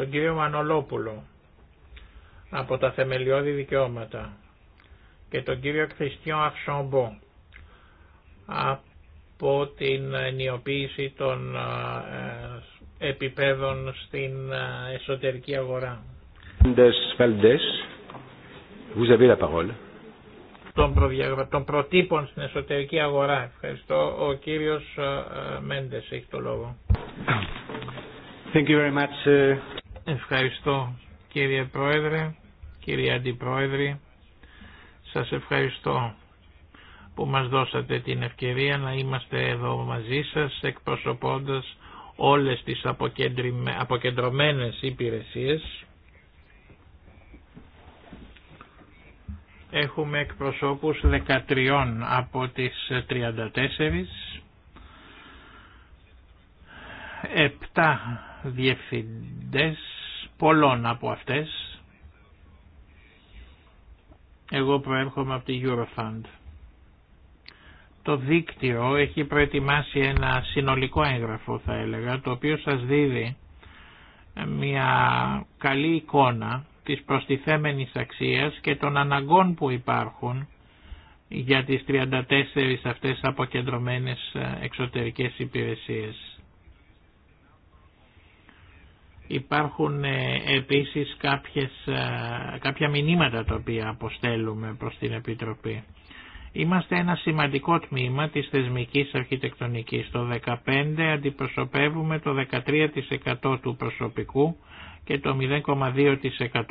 τον κύριο Μανολόπουλο από τα θεμελιώδη δικαιώματα και τον κύριο Κριστιαν Αξομπό από την ενιοποίηση των ε, επιπέδων στην ε, εσωτερική αγορά. Vous avez la parole. Των, προτύπων στην εσωτερική αγορά. Ευχαριστώ. Ο κύριος ε, Μέντες έχει το λόγο. Thank Ευχαριστώ κύριε Πρόεδρε, κύριε Αντιπρόεδρε. Σας ευχαριστώ που μας δώσατε την ευκαιρία να είμαστε εδώ μαζί σας εκπροσωπώντας όλες τις αποκεντρωμένες υπηρεσίες. Έχουμε εκπροσώπους 13 από τις 34, 7 διευθυντές πολλών από αυτές. Εγώ προέρχομαι από τη Eurofund. Το δίκτυο έχει προετοιμάσει ένα συνολικό έγγραφο θα έλεγα, το οποίο σας δίδει μια καλή εικόνα της προστιθέμενης αξίας και των αναγκών που υπάρχουν για τις 34 αυτές αποκεντρωμένες εξωτερικές υπηρεσίες. Υπάρχουν ε, επίσης κάποιες, ε, κάποια μηνύματα τα οποία αποστέλουμε προς την Επιτροπή. Είμαστε ένα σημαντικό τμήμα της θεσμικής αρχιτεκτονικής. Το 15 αντιπροσωπεύουμε το 13% του προσωπικού και το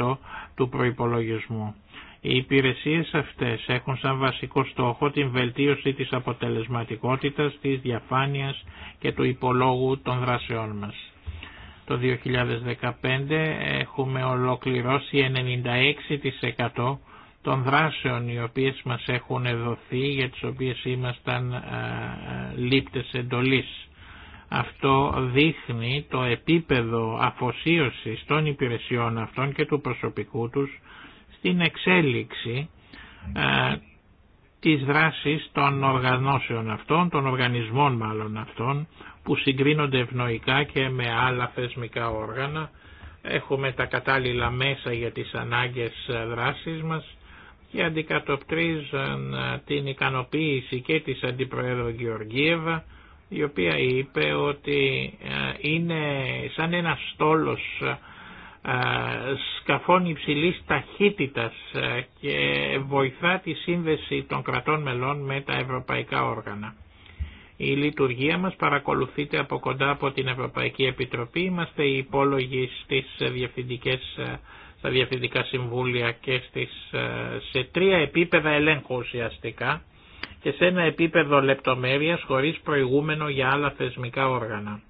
0,2% του προϋπολογισμού. Οι υπηρεσίες αυτές έχουν σαν βασικό στόχο την βελτίωση της αποτελεσματικότητας, της διαφάνειας και του υπολόγου των δράσεών μας το 2015 έχουμε ολοκληρώσει 96% των δράσεων οι οποίες μας έχουν δοθεί, για τις οποίες ήμασταν ε, ε, λήπτες εντολής. Αυτό δείχνει το επίπεδο αφοσίωσης των υπηρεσιών αυτών και του προσωπικού τους στην εξέλιξη ε, τις δράσεις των οργανώσεων αυτών, των οργανισμών μάλλον αυτών, που συγκρίνονται ευνοϊκά και με άλλα θεσμικά όργανα. Έχουμε τα κατάλληλα μέσα για τις ανάγκες δράσης μας και αντικατοπτρίζουν ε, την ικανοποίηση και της Αντιπροέδρου Γεωργίευα, η οποία είπε ότι ε, είναι σαν ένα στόλος ε, σκαφών υψηλής ταχύτητας και βοηθά τη σύνδεση των κρατών μελών με τα ευρωπαϊκά όργανα. Η λειτουργία μας παρακολουθείται από κοντά από την Ευρωπαϊκή Επιτροπή. Είμαστε οι υπόλογοι στις διευθυντικές, στα διευθυντικά συμβούλια και στις, σε τρία επίπεδα ελέγχου ουσιαστικά και σε ένα επίπεδο λεπτομέρειας χωρίς προηγούμενο για άλλα θεσμικά όργανα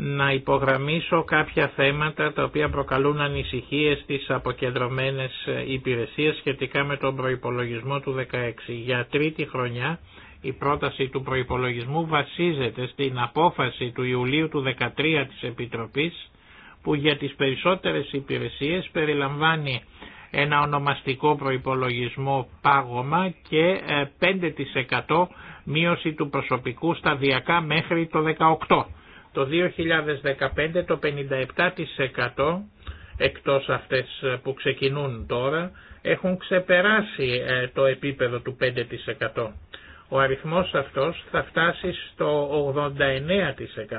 να υπογραμμίσω κάποια θέματα τα οποία προκαλούν ανησυχίες στις αποκεντρωμένες υπηρεσίες σχετικά με τον προϋπολογισμό του 16. Για τρίτη χρονιά η πρόταση του προϋπολογισμού βασίζεται στην απόφαση του Ιουλίου του 13 της Επιτροπής που για τις περισσότερες υπηρεσίες περιλαμβάνει ένα ονομαστικό προϋπολογισμό πάγωμα και 5% ε, μείωση του προσωπικού σταδιακά μέχρι το 18. Το 2015 το 57% εκτός αυτές ε, που ξεκινούν τώρα έχουν ξεπεράσει ε, το επίπεδο του 5%. Ο αριθμός αυτός θα φτάσει στο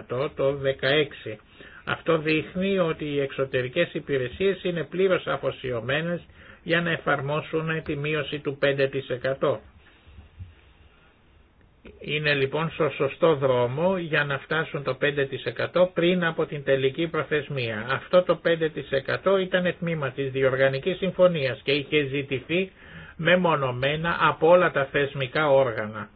89% το 16%. Αυτό δείχνει ότι οι εξωτερικές υπηρεσίες είναι πλήρως αφοσιωμένες για να εφαρμόσουν τη μείωση του 5%. Είναι λοιπόν στο σωστό δρόμο για να φτάσουν το 5% πριν από την τελική προθεσμία. Αυτό το 5% ήταν τμήμα της διοργανικής συμφωνίας και είχε ζητηθεί μεμονωμένα από όλα τα θεσμικά όργανα.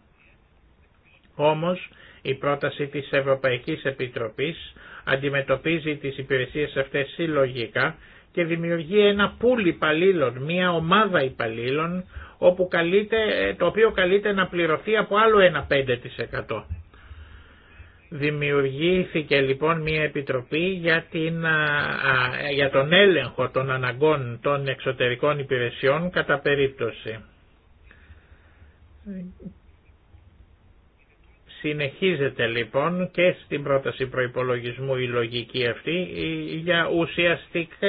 Όμως η πρόταση της Ευρωπαϊκής Επιτροπής αντιμετωπίζει τις υπηρεσίες αυτές συλλογικά και δημιουργεί ένα πουλ υπαλλήλων, μια ομάδα υπαλλήλων, όπου καλείται, το οποίο καλείται να πληρωθεί από άλλο ένα 5%. Δημιουργήθηκε λοιπόν μια επιτροπή για, την, για τον έλεγχο των αναγκών των εξωτερικών υπηρεσιών κατά περίπτωση Συνεχίζεται λοιπόν και στην πρόταση προϋπολογισμού η λογική αυτή για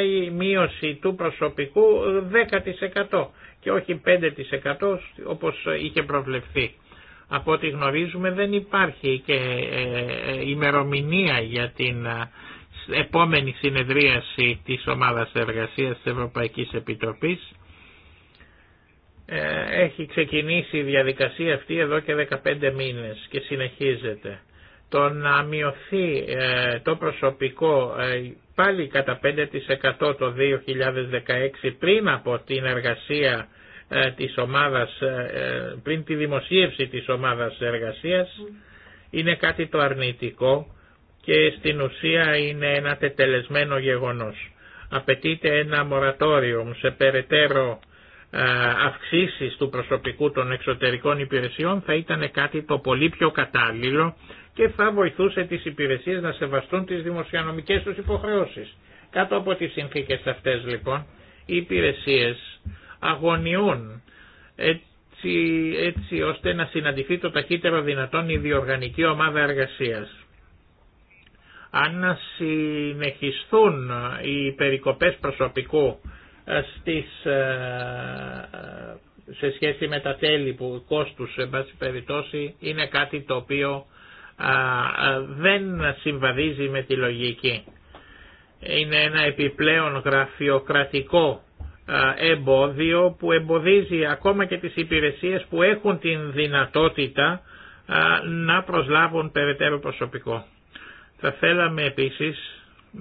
η μείωση του προσωπικού 10% και όχι 5% όπως είχε προβλεφθεί. Από ό,τι γνωρίζουμε δεν υπάρχει και ε, ε, ημερομηνία για την ε, επόμενη συνεδρίαση της ομάδας εργασίας της Ευρωπαϊκής Επιτροπής ε, έχει ξεκινήσει η διαδικασία αυτή εδώ και 15 μήνες και συνεχίζεται. Το να μειωθεί ε, το προσωπικό ε, πάλι κατά 5% το 2016 πριν από την εργασία της ομάδας, πριν τη δημοσίευση της ομάδας εργασίας είναι κάτι το αρνητικό και στην ουσία είναι ένα τετελεσμένο γεγονός. Απαιτείται ένα μορατόριο σε περαιτέρω ε, αυξήσεις του προσωπικού των εξωτερικών υπηρεσιών θα ήταν κάτι το πολύ πιο κατάλληλο και θα βοηθούσε τις υπηρεσίες να σεβαστούν τις δημοσιονομικές τους υποχρεώσεις. Κάτω από τις συνθήκες αυτές λοιπόν οι υπηρεσίες αγωνιούν έτσι, ώστε να συναντηθεί το ταχύτερο δυνατόν η διοργανική ομάδα εργασίας. Αν συνεχιστούν οι περικοπές προσωπικού ε, σε σχέση με τα τέλη που κόστους σε βάση περιπτώσει είναι κάτι το οποίο δεν συμβαδίζει με τη λογική. Είναι ένα επιπλέον γραφειοκρατικό εμπόδιο που εμποδίζει ακόμα και τις υπηρεσίες που έχουν την δυνατότητα να προσλάβουν περαιτέρω προσωπικό. Θα θέλαμε επίσης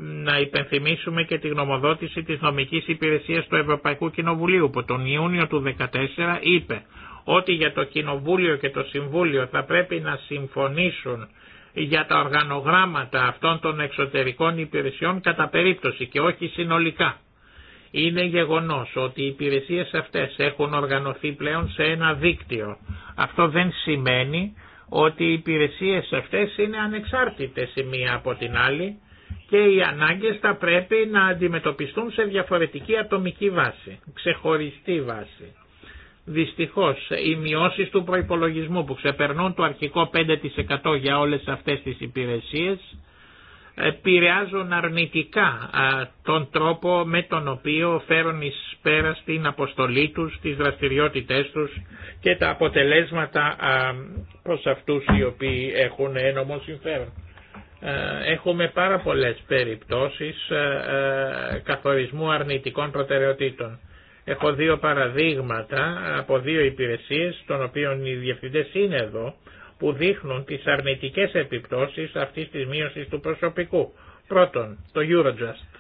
να υπενθυμίσουμε και τη γνωμοδότηση της νομικής υπηρεσίας του Ευρωπαϊκού Κοινοβουλίου που τον Ιούνιο του 2014 είπε ότι για το Κοινοβούλιο και το Συμβούλιο θα πρέπει να συμφωνήσουν για τα οργανογράμματα αυτών των εξωτερικών υπηρεσιών κατά περίπτωση και όχι συνολικά. Είναι γεγονός ότι οι υπηρεσίες αυτές έχουν οργανωθεί πλέον σε ένα δίκτυο. Αυτό δεν σημαίνει ότι οι υπηρεσίες αυτές είναι ανεξάρτητες η μία από την άλλη και οι ανάγκες θα πρέπει να αντιμετωπιστούν σε διαφορετική ατομική βάση, ξεχωριστή βάση. Δυστυχώς, οι μειώσεις του προϋπολογισμού που ξεπερνούν το αρχικό 5% για όλες αυτές τις υπηρεσίες επηρεάζουν αρνητικά τον τρόπο με τον οποίο φέρουν εις πέρα στην αποστολή τους, τις δραστηριότητές τους και τα αποτελέσματα προς αυτούς οι οποίοι έχουν ένομο συμφέρον. Ε, έχουμε πάρα πολλές περιπτώσεις ε, ε, καθορισμού αρνητικών προτεραιοτήτων. Έχω δύο παραδείγματα από δύο υπηρεσίες, των οποίων οι διευθυντές είναι εδώ, που δείχνουν τις αρνητικές επιπτώσεις αυτής της μείωσης του προσωπικού. Πρώτον, το Eurojust.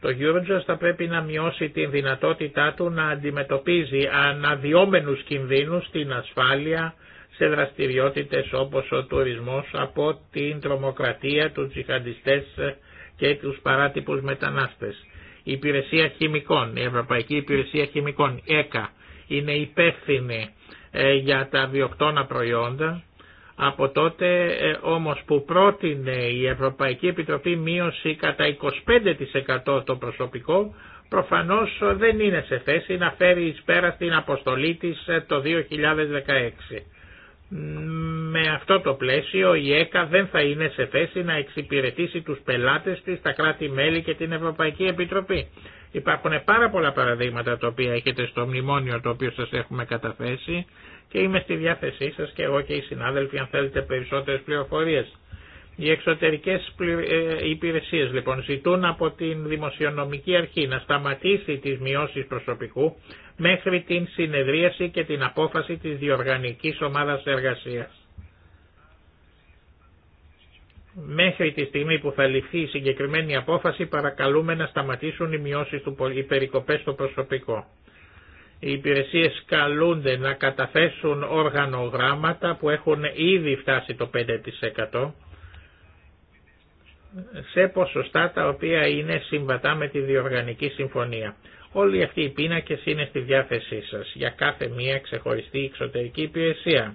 Το Eurojust θα πρέπει να μειώσει την δυνατότητά του να αντιμετωπίζει αναδιόμενους κινδύνους στην ασφάλεια, σε δραστηριότητες όπως ο τουρισμός από την τρομοκρατία, του τζιχαντιστές και τους παράτυπους μετανάστες. Η Υπηρεσία Χημικών, η Ευρωπαϊκή Υπηρεσία Χημικών, ΕΚΑ, είναι υπεύθυνη ε, για τα βιοκτώνα προϊόντα. Από τότε ε, όμως που πρότεινε η Ευρωπαϊκή Επιτροπή μείωση κατά 25% το προσωπικό, προφανώς δεν είναι σε θέση να φέρει εις πέρα στην αποστολή της ε, το 2016. Με αυτό το πλαίσιο η ΕΚΑ δεν θα είναι σε θέση να εξυπηρετήσει τους πελάτες της, τα κράτη-μέλη και την Ευρωπαϊκή Επιτροπή. Υπάρχουν πάρα πολλά παραδείγματα τα οποία έχετε στο μνημόνιο το οποίο σας έχουμε καταθέσει και είμαι στη διάθεσή σας και εγώ και οι συνάδελφοι αν θέλετε περισσότερες πληροφορίες. Οι εξωτερικές ε, υπηρεσίες λοιπόν ζητούν από την Δημοσιονομική Αρχή να σταματήσει τι μειώσει προσωπικού μέχρι την συνεδρίαση και την απόφαση της διοργανική ομάδας εργασίας. Μέχρι τη στιγμή που θα ληφθεί η συγκεκριμένη απόφαση παρακαλούμε να σταματήσουν οι μειώσει του οι περικοπές στο προσωπικό. Οι υπηρεσίες καλούνται να καταθέσουν όργανογράμματα που έχουν ήδη φτάσει το 5% σε ποσοστά τα οποία είναι συμβατά με τη διοργανική συμφωνία. Όλοι αυτοί οι πίνακες είναι στη διάθεσή σας για κάθε μία ξεχωριστή εξωτερική υπηρεσία.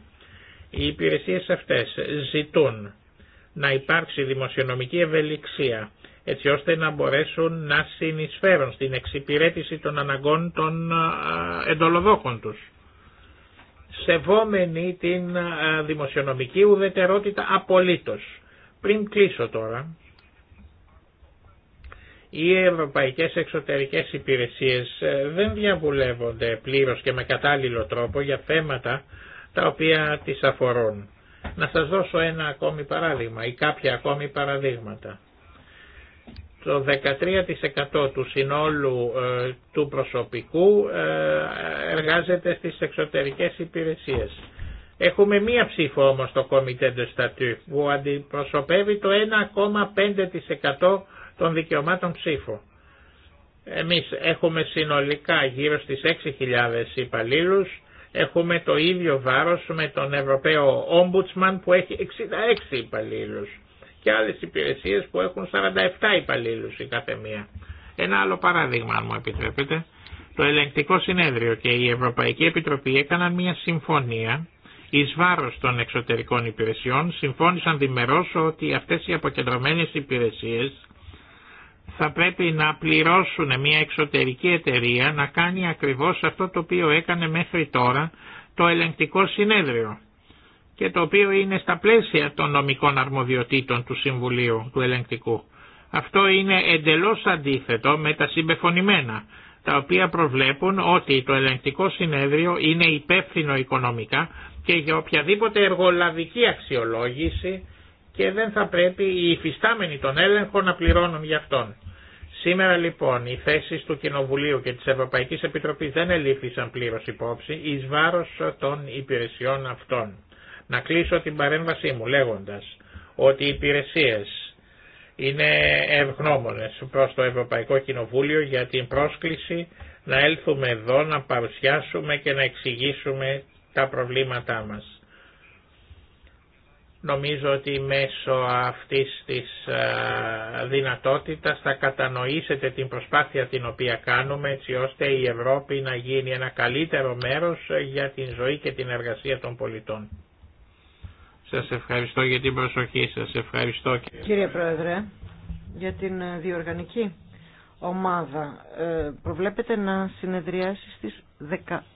Οι υπηρεσίες αυτές ζητούν να υπάρξει δημοσιονομική ευελιξία έτσι ώστε να μπορέσουν να συνεισφέρουν στην εξυπηρέτηση των αναγκών των εντολοδόχων τους. Σεβόμενοι την δημοσιονομική ουδετερότητα απολύτως. Πριν κλείσω τώρα, οι ευρωπαϊκές εξωτερικές υπηρεσίες ε, δεν διαβουλεύονται πλήρως και με κατάλληλο τρόπο για θέματα τα οποία τις αφορούν. Να σας δώσω ένα ακόμη παράδειγμα ή κάποια ακόμη παραδείγματα. Το 13% του συνόλου ε, του προσωπικού ε, εργάζεται στις εξωτερικές υπηρεσίες. Έχουμε μία ψήφο όμως στο Comité de Statut που αντιπροσωπεύει το 1,5% των δικαιωμάτων ψήφου. Εμείς έχουμε συνολικά γύρω στις 6.000 υπαλλήλους, έχουμε το ίδιο βάρος με τον Ευρωπαίο Ombudsman που έχει 66 υπαλλήλους και άλλες υπηρεσίες που έχουν 47 υπαλλήλους η κάθε μία. Ένα άλλο παράδειγμα αν μου επιτρέπετε. Το Ελεγκτικό Συνέδριο και η Ευρωπαϊκή Επιτροπή έκαναν μια συμφωνία εις βάρος των εξωτερικών υπηρεσιών, συμφώνησαν διμερώς ότι αυτές οι αποκεντρωμένες υπηρεσίες θα πρέπει να πληρώσουν μια εξωτερική εταιρεία να κάνει ακριβώς αυτό το οποίο έκανε μέχρι τώρα το ελεγκτικό συνέδριο και το οποίο είναι στα πλαίσια των νομικών αρμοδιοτήτων του Συμβουλίου του Ελεγκτικού. Αυτό είναι εντελώς αντίθετο με τα συμπεφωνημένα, τα οποία προβλέπουν ότι το ελεγκτικό συνέδριο είναι υπεύθυνο οικονομικά και για οποιαδήποτε εργολαβική αξιολόγηση και δεν θα πρέπει οι υφιστάμενοι των έλεγχων να πληρώνουν γι' αυτόν. Σήμερα λοιπόν οι θέσει του Κοινοβουλίου και της Ευρωπαϊκής Επιτροπής δεν ελήφθησαν πλήρω υπόψη εις βάρος των υπηρεσιών αυτών. Να κλείσω την παρέμβασή μου λέγοντας ότι οι υπηρεσίες είναι ευγνώμονες προς το Ευρωπαϊκό Κοινοβούλιο για την πρόσκληση να έλθουμε εδώ να παρουσιάσουμε και να εξηγήσουμε τα προβλήματά μας. Νομίζω ότι μέσω αυτής της ε, δυνατότητας θα κατανοήσετε την προσπάθεια την οποία κάνουμε έτσι ώστε η Ευρώπη να γίνει ένα καλύτερο μέρος ε, για την ζωή και την εργασία των πολιτών. Σας ευχαριστώ για την προσοχή σας. Ευχαριστώ κύριε, Πρόεδρε για την ε, διοργανική ομάδα. προβλέπετε να συνεδριάσει στις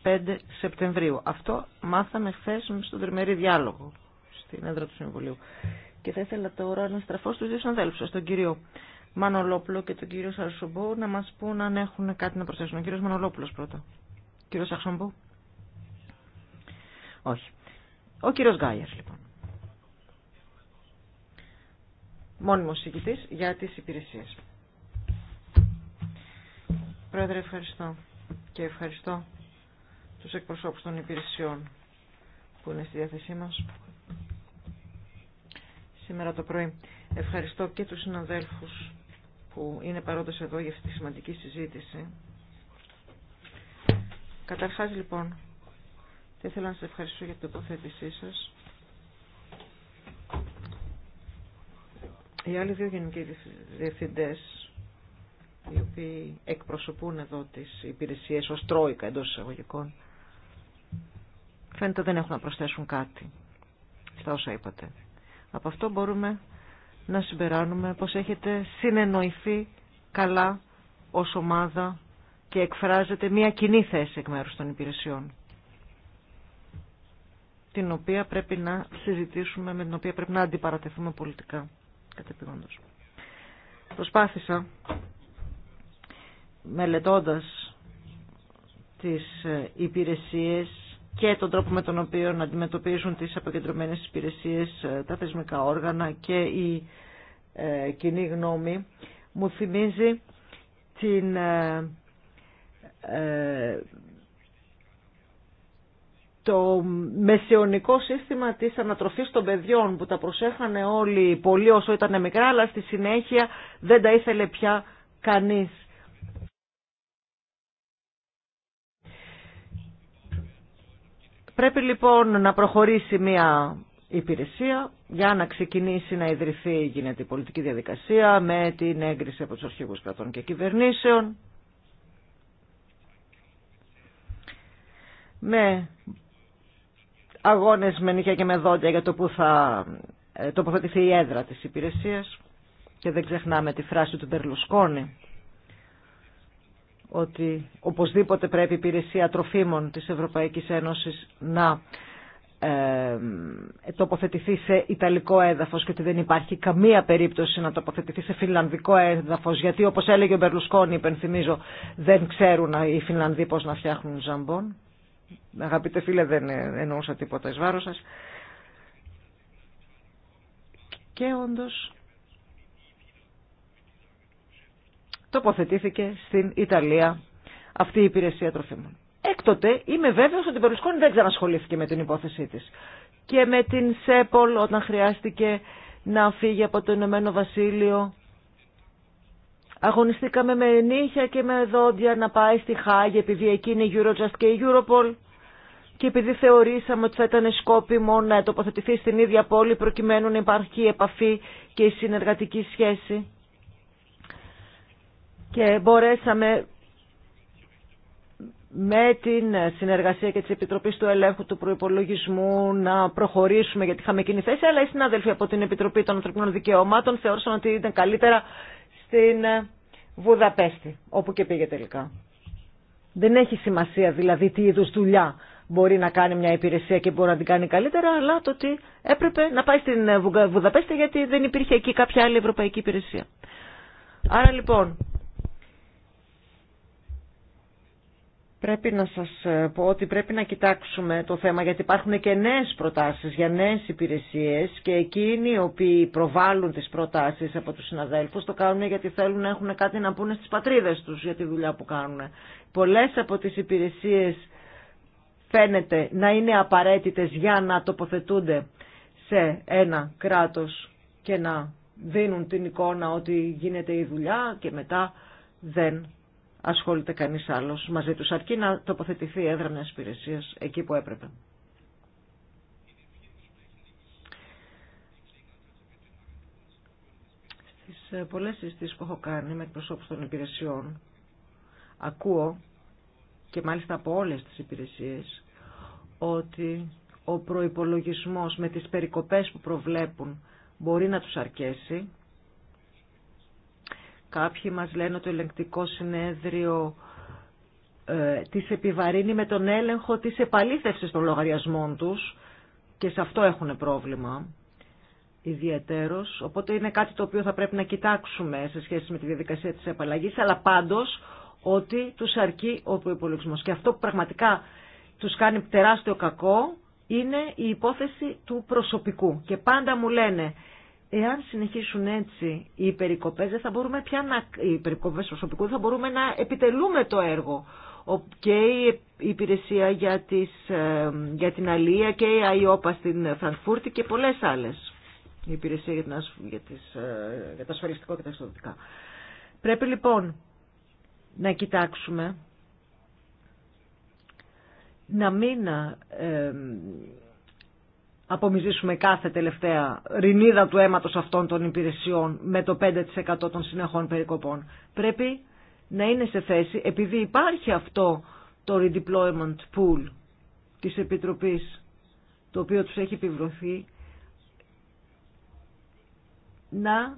15 Σεπτεμβρίου. Αυτό μάθαμε χθε στον τριμερή διάλογο στην έδρα του Συμβουλίου. Και θα ήθελα τώρα να στραφώ στους δύο συναδέλφους, τον κύριο Μανολόπουλο και τον κύριο Σαρσομπό, να μας πούν αν έχουν κάτι να προσθέσουν. Ο κύριος Μανολόπουλος πρώτα. Κύριο κύριος Σαρσομπό. Όχι. Ο κύριος Γκάιερ, λοιπόν. Μόνιμος συγκητή για τις υπηρεσίες. Πρόεδρε, ευχαριστώ. Και ευχαριστώ τους εκπροσώπους των υπηρεσιών που είναι στη διάθεσή μας σήμερα το πρωί. Ευχαριστώ και τους συναδέλφους που είναι παρόντες εδώ για αυτή τη σημαντική συζήτηση. Καταρχάς λοιπόν, θα ήθελα να σας ευχαριστήσω για την τοποθέτησή σας. Οι άλλοι δύο γενικοί διευθυντές, οι οποίοι εκπροσωπούν εδώ τις υπηρεσίες ως τρόικα εντός εισαγωγικών, φαίνεται δεν έχουν να προσθέσουν κάτι στα όσα είπατε. Από αυτό μπορούμε να συμπεράνουμε πως έχετε συνεννοηθεί καλά ως ομάδα και εκφράζεται μια κοινή θέση εκ μέρους των υπηρεσιών την οποία πρέπει να συζητήσουμε, με την οποία πρέπει να αντιπαρατεθούμε πολιτικά κατεπηγόντως. Προσπάθησα μελετώντας τις ε, υπηρεσίες και τον τρόπο με τον οποίο αντιμετωπίζουν τις αποκεντρωμένες υπηρεσίες, ε, τα θεσμικά όργανα και η ε, κοινή γνώμη. Μου θυμίζει την ε, ε, το μεσαιωνικό σύστημα της ανατροφής των παιδιών που τα προσέχανε όλοι πολύ όσο ήταν μικρά αλλά στη συνέχεια δεν τα ήθελε πια κανείς. Πρέπει λοιπόν να προχωρήσει μια υπηρεσία για να ξεκινήσει να ιδρυθεί γίνεται η πολιτική διαδικασία με την έγκριση από του αρχηγού κρατών και κυβερνήσεων με αγώνες με νύχια και με δόντια για το που θα ε, τοποθετηθεί η έδρα της υπηρεσίας και δεν ξεχνάμε τη φράση του Μπερλουσκόνη ότι οπωσδήποτε πρέπει η υπηρεσία τροφίμων της Ευρωπαϊκής Ένωσης να ε, τοποθετηθεί σε ιταλικό έδαφος και ότι δεν υπάρχει καμία περίπτωση να τοποθετηθεί σε φιλανδικό έδαφος γιατί όπως έλεγε ο Μπερλουσκόνη υπενθυμίζω δεν ξέρουν οι Φιλανδοί πώς να φτιάχνουν ζαμπόν αγαπητέ φίλε δεν ε, εννοούσα τίποτα εις βάρος σας και όντως τοποθετήθηκε στην Ιταλία αυτή η υπηρεσία τροφίμων. Έκτοτε είμαι βέβαιος ότι η Περλουσκόνη δεν ξανασχολήθηκε με την υπόθεσή της. Και με την ΣΕΠΟΛ όταν χρειάστηκε να φύγει από το Ηνωμένο Βασίλειο Αγωνιστήκαμε με νύχια και με δόντια να πάει στη Χάγη επειδή εκεί είναι η Eurojust και η Europol και επειδή θεωρήσαμε ότι θα ήταν σκόπιμο να τοποθετηθεί στην ίδια πόλη προκειμένου να υπάρχει επαφή και η συνεργατική σχέση και μπορέσαμε με την συνεργασία και της Επιτροπής του Ελέγχου του Προϋπολογισμού να προχωρήσουμε γιατί είχαμε κοινή θέση, αλλά οι συνάδελφοι από την Επιτροπή των Ανθρωπίνων Δικαιωμάτων θεώρησαν ότι ήταν καλύτερα στην Βουδαπέστη, όπου και πήγε τελικά. Δεν έχει σημασία δηλαδή τι είδους δουλειά μπορεί να κάνει μια υπηρεσία και μπορεί να την κάνει καλύτερα, αλλά το ότι έπρεπε να πάει στην Βουδαπέστη γιατί δεν υπήρχε εκεί κάποια άλλη ευρωπαϊκή υπηρεσία. Άρα λοιπόν, Πρέπει να σας ε, πω ότι πρέπει να κοιτάξουμε το θέμα γιατί υπάρχουν και νέες προτάσεις για νέες υπηρεσίες και εκείνοι οι οποίοι προβάλλουν τις προτάσεις από τους συναδέλφους το κάνουν γιατί θέλουν να έχουν κάτι να πούνε στις πατρίδες τους για τη δουλειά που κάνουν. Πολλές από τις υπηρεσίες φαίνεται να είναι απαραίτητες για να τοποθετούνται σε ένα κράτος και να δίνουν την εικόνα ότι γίνεται η δουλειά και μετά δεν ασχολείται κανείς άλλος μαζί του αρκεί να τοποθετηθεί η έδρα μιας υπηρεσία εκεί που έπρεπε. Στις ε, πολλές συζητήσεις που έχω κάνει με εκπροσώπους των υπηρεσιών, ακούω και μάλιστα από όλες τις υπηρεσίες, ότι ο προϋπολογισμός με τις περικοπές που προβλέπουν μπορεί να τους αρκέσει Κάποιοι μας λένε ότι το ελεγκτικό συνέδριο ε, τις επιβαρύνει με τον έλεγχο της επαλήθευσης των λογαριασμών τους και σε αυτό έχουν πρόβλημα ιδιαίτερος. Οπότε είναι κάτι το οποίο θα πρέπει να κοιτάξουμε σε σχέση με τη διαδικασία της επαλλαγής, αλλά πάντως ότι τους αρκεί ο προπολογισμό. Και αυτό που πραγματικά τους κάνει τεράστιο κακό είναι η υπόθεση του προσωπικού. Και πάντα μου λένε Εάν συνεχίσουν έτσι οι περικοπές, δεν θα μπορούμε πια να, οι προσωπικού, δεν θα μπορούμε να επιτελούμε το έργο. Και η υπηρεσία για, τις, ε, για την Αλία και η ΑΙΟΠΑ στην Φραγκφούρτη και πολλές άλλες. Η υπηρεσία για, την, για, τις, ε, για τα ασφαλιστικό και τα εξωτερικά. Πρέπει λοιπόν να κοιτάξουμε να μην ε, απομυζήσουμε κάθε τελευταία ρινίδα του αίματος αυτών των υπηρεσιών με το 5% των συνεχών περικοπών. Πρέπει να είναι σε θέση, επειδή υπάρχει αυτό το redeployment pool της Επιτροπής, το οποίο τους έχει επιβρωθεί, να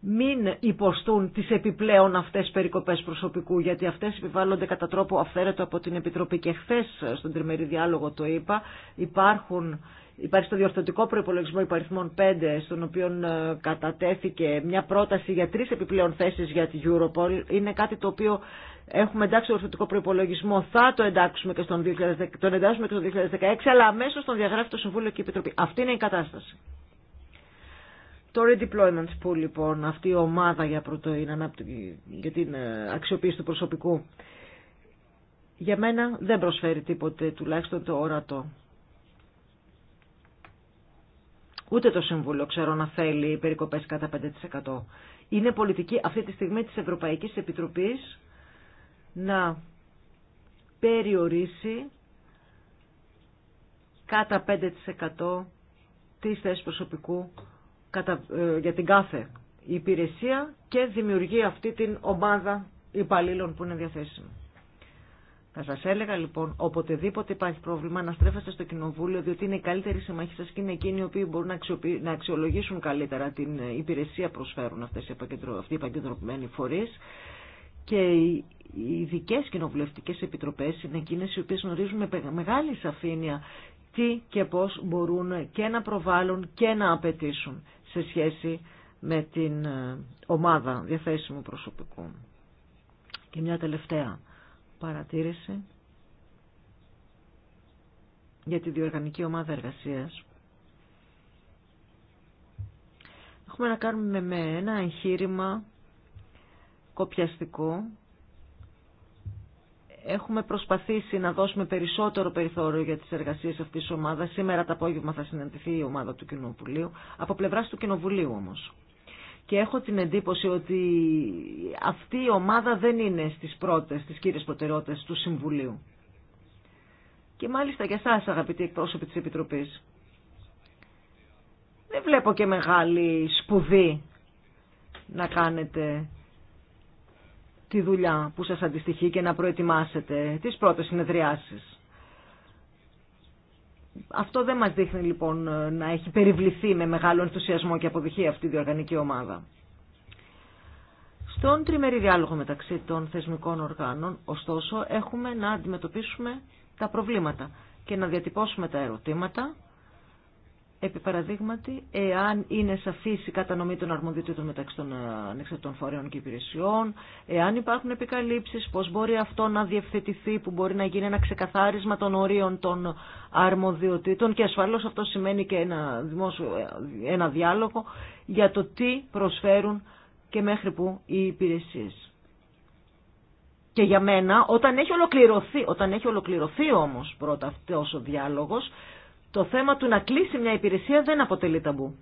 μην υποστούν τις επιπλέον αυτές περικοπές προσωπικού, γιατί αυτές επιβάλλονται κατά τρόπο αυθαίρετο από την Επιτροπή. Και χθε στον τριμερή διάλογο το είπα, υπάρχουν, υπάρχει στο διορθωτικό προϋπολογισμό υπαριθμών 5, στον οποίο ε, κατατέθηκε μια πρόταση για τρεις επιπλέον θέσεις για την Europol. Είναι κάτι το οποίο έχουμε εντάξει στο διορθωτικό προπολογισμό. θα το εντάξουμε και στον τον στο 2016, αλλά αμέσω τον διαγράφει το Συμβούλιο και η Επιτροπή. Αυτή είναι η κατάσταση. Το redeployment που λοιπόν αυτή η ομάδα για, πρωτο, για την ε, αξιοποίηση του προσωπικού για μένα δεν προσφέρει τίποτε τουλάχιστον το όρατο. Ούτε το Συμβούλιο ξέρω να θέλει περικοπές κατά 5%. Είναι πολιτική αυτή τη στιγμή της Ευρωπαϊκής Επιτροπής να περιορίσει κατά 5% τις θέσεις προσωπικού ε, για την κάθε υπηρεσία και δημιουργεί αυτή την ομάδα υπαλλήλων που είναι διαθέσιμη. Θα σα έλεγα λοιπόν, οποτεδήποτε υπάρχει πρόβλημα, να στρέφεστε στο Κοινοβούλιο, διότι είναι οι καλύτεροι συμμαχοί σας και είναι εκείνοι οι οποίοι μπορούν να αξιολογήσουν καλύτερα την υπηρεσία προσφέρουν αυτές οι αυτοί οι Και οι ειδικέ κοινοβουλευτικέ επιτροπές είναι εκείνε οι οποίες γνωρίζουν με μεγάλη σαφήνεια τι και πώς μπορούν και να προβάλλουν και να απαιτήσουν σε σχέση με την ε, ομάδα διαθέσιμου προσωπικού. Και μια τελευταία παρατήρηση για τη διοργανική ομάδα εργασίας. Έχουμε να κάνουμε με ένα εγχείρημα κοπιαστικό Έχουμε προσπαθήσει να δώσουμε περισσότερο περιθώριο για τις εργασίες αυτής της ομάδας. Σήμερα το απόγευμα θα συναντηθεί η ομάδα του Κοινοβουλίου, από πλευράς του Κοινοβουλίου όμως. Και έχω την εντύπωση ότι αυτή η ομάδα δεν είναι στις πρώτες, στις κύριες προτεραιότητες του Συμβουλίου. Και μάλιστα για σας αγαπητοί εκπρόσωποι της Επιτροπής. Δεν βλέπω και μεγάλη σπουδή να κάνετε τη δουλειά που σας αντιστοιχεί και να προετοιμάσετε τις πρώτες συνεδριάσεις. Αυτό δεν μας δείχνει λοιπόν να έχει περιβληθεί με μεγάλο ενθουσιασμό και αποδοχή αυτή η διοργανική ομάδα. Στον τριμερή διάλογο μεταξύ των θεσμικών οργάνων, ωστόσο, έχουμε να αντιμετωπίσουμε τα προβλήματα και να διατυπώσουμε τα ερωτήματα επί παραδείγματι, εάν είναι σαφής η κατανομή των αρμοδιοτήτων μεταξύ των ε, ανεξαρτητών φορέων και υπηρεσιών, εάν υπάρχουν επικαλύψεις, πώς μπορεί αυτό να διευθετηθεί, που μπορεί να γίνει ένα ξεκαθάρισμα των ορίων των αρμοδιοτήτων και ασφαλώς αυτό σημαίνει και ένα, δημόσιο, ε, ένα διάλογο για το τι προσφέρουν και μέχρι που οι υπηρεσίες. Και για μένα, όταν έχει ολοκληρωθεί, όταν έχει ολοκληρωθεί όμως πρώτα αυτός ο διάλογος, το θέμα του να κλείσει μια υπηρεσία δεν αποτελεί ταμπού.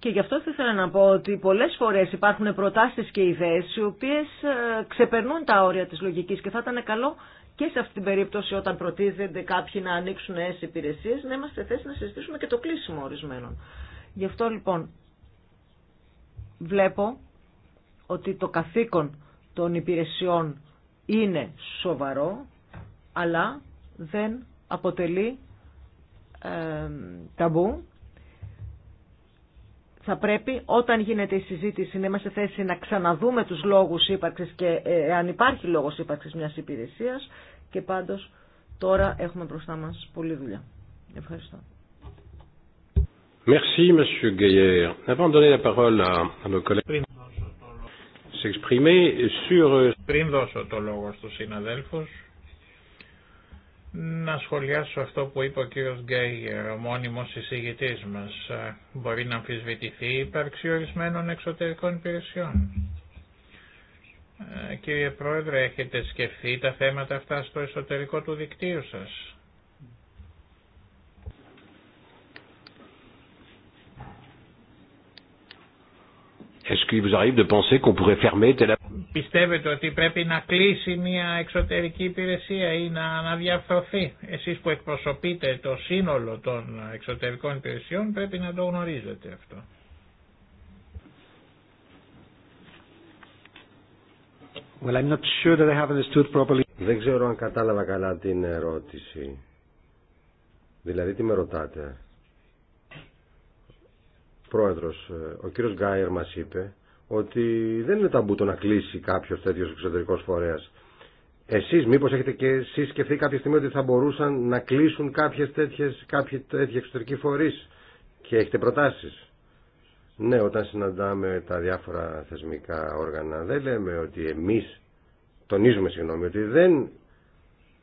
Και γι' αυτό θα ήθελα να πω ότι πολλές φορές υπάρχουν προτάσεις και ιδέες οι οποίες ε, ξεπερνούν τα όρια της λογικής και θα ήταν καλό και σε αυτή την περίπτωση όταν προτίθενται κάποιοι να ανοίξουν νέες υπηρεσίες να είμαστε θέση να συζητήσουμε και το κλείσιμο ορισμένων. Γι' αυτό λοιπόν βλέπω ότι το καθήκον των υπηρεσιών είναι σοβαρό, αλλά δεν αποτελεί ε, ταμπού. Θα πρέπει όταν γίνεται η συζήτηση να είμαστε θέση να ξαναδούμε τους λόγους ύπαρξης και αν ε, υπάρχει λόγος ύπαρξης μιας υπηρεσίας και πάντως τώρα έχουμε μπροστά μας πολλή δουλειά. Ευχαριστώ. Merci, Monsieur Γκέιερ. Euh, Πριν δώσω το λόγο στους συναδέλφους, να σχολιάσω αυτό που είπε ο κύριος Γκέιγερ, ο μόνιμος εισηγητής μας. Μπορεί να αμφισβητηθεί η ύπαρξη ορισμένων εξωτερικών υπηρεσιών. Κύριε Πρόεδρε, έχετε σκεφτεί τα θέματα αυτά στο εσωτερικό του δικτύου σας. Πιστεύετε ότι πρέπει να κλείσει μια εξωτερική υπηρεσία ή να αναδιαρθρωθεί. Εσείς που εκπροσωπείτε το σύνολο των εξωτερικών υπηρεσιών πρέπει να το γνωρίζετε αυτό. Δεν ξέρω αν κατάλαβα καλά την ερώτηση. Δηλαδή τι με ρωτάτε πρόεδρος, ε, ο κύριος Γκάιερ μας είπε ότι δεν είναι ταμπού το να κλείσει κάποιος τέτοιος εξωτερικός φορέας. Εσείς μήπως έχετε και εσείς σκεφτεί κάποια στιγμή ότι θα μπορούσαν να κλείσουν κάποιες τέτοιες, κάποιες εξωτερικοί φορείς και έχετε προτάσεις. Ναι, όταν συναντάμε τα διάφορα θεσμικά όργανα δεν λέμε ότι εμείς, τονίζουμε συγγνώμη, ότι δεν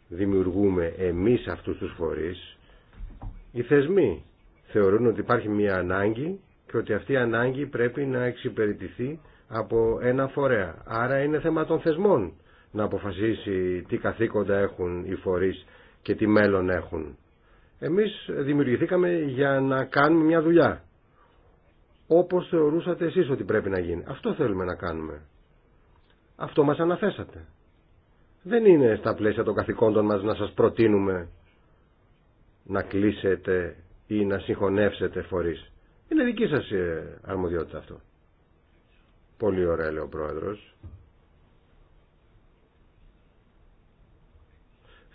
δημιουργούμε εμείς αυτούς τους φορείς. Οι θεσμοί θεωρούν ότι υπάρχει μια ανάγκη και ότι αυτή η ανάγκη πρέπει να εξυπηρετηθεί από ένα φορέα. Άρα είναι θέμα των θεσμών να αποφασίσει τι καθήκοντα έχουν οι φορείς και τι μέλλον έχουν. Εμείς δημιουργηθήκαμε για να κάνουμε μια δουλειά. Όπως θεωρούσατε εσείς ότι πρέπει να γίνει. Αυτό θέλουμε να κάνουμε. Αυτό μας αναθέσατε. Δεν είναι στα πλαίσια των καθηκόντων μας να σας προτείνουμε να κλείσετε ή να συγχωνεύσετε φορείς. Είναι δική σας ε, αρμοδιότητα αυτό. Πολύ ωραία λέει ο Πρόεδρος.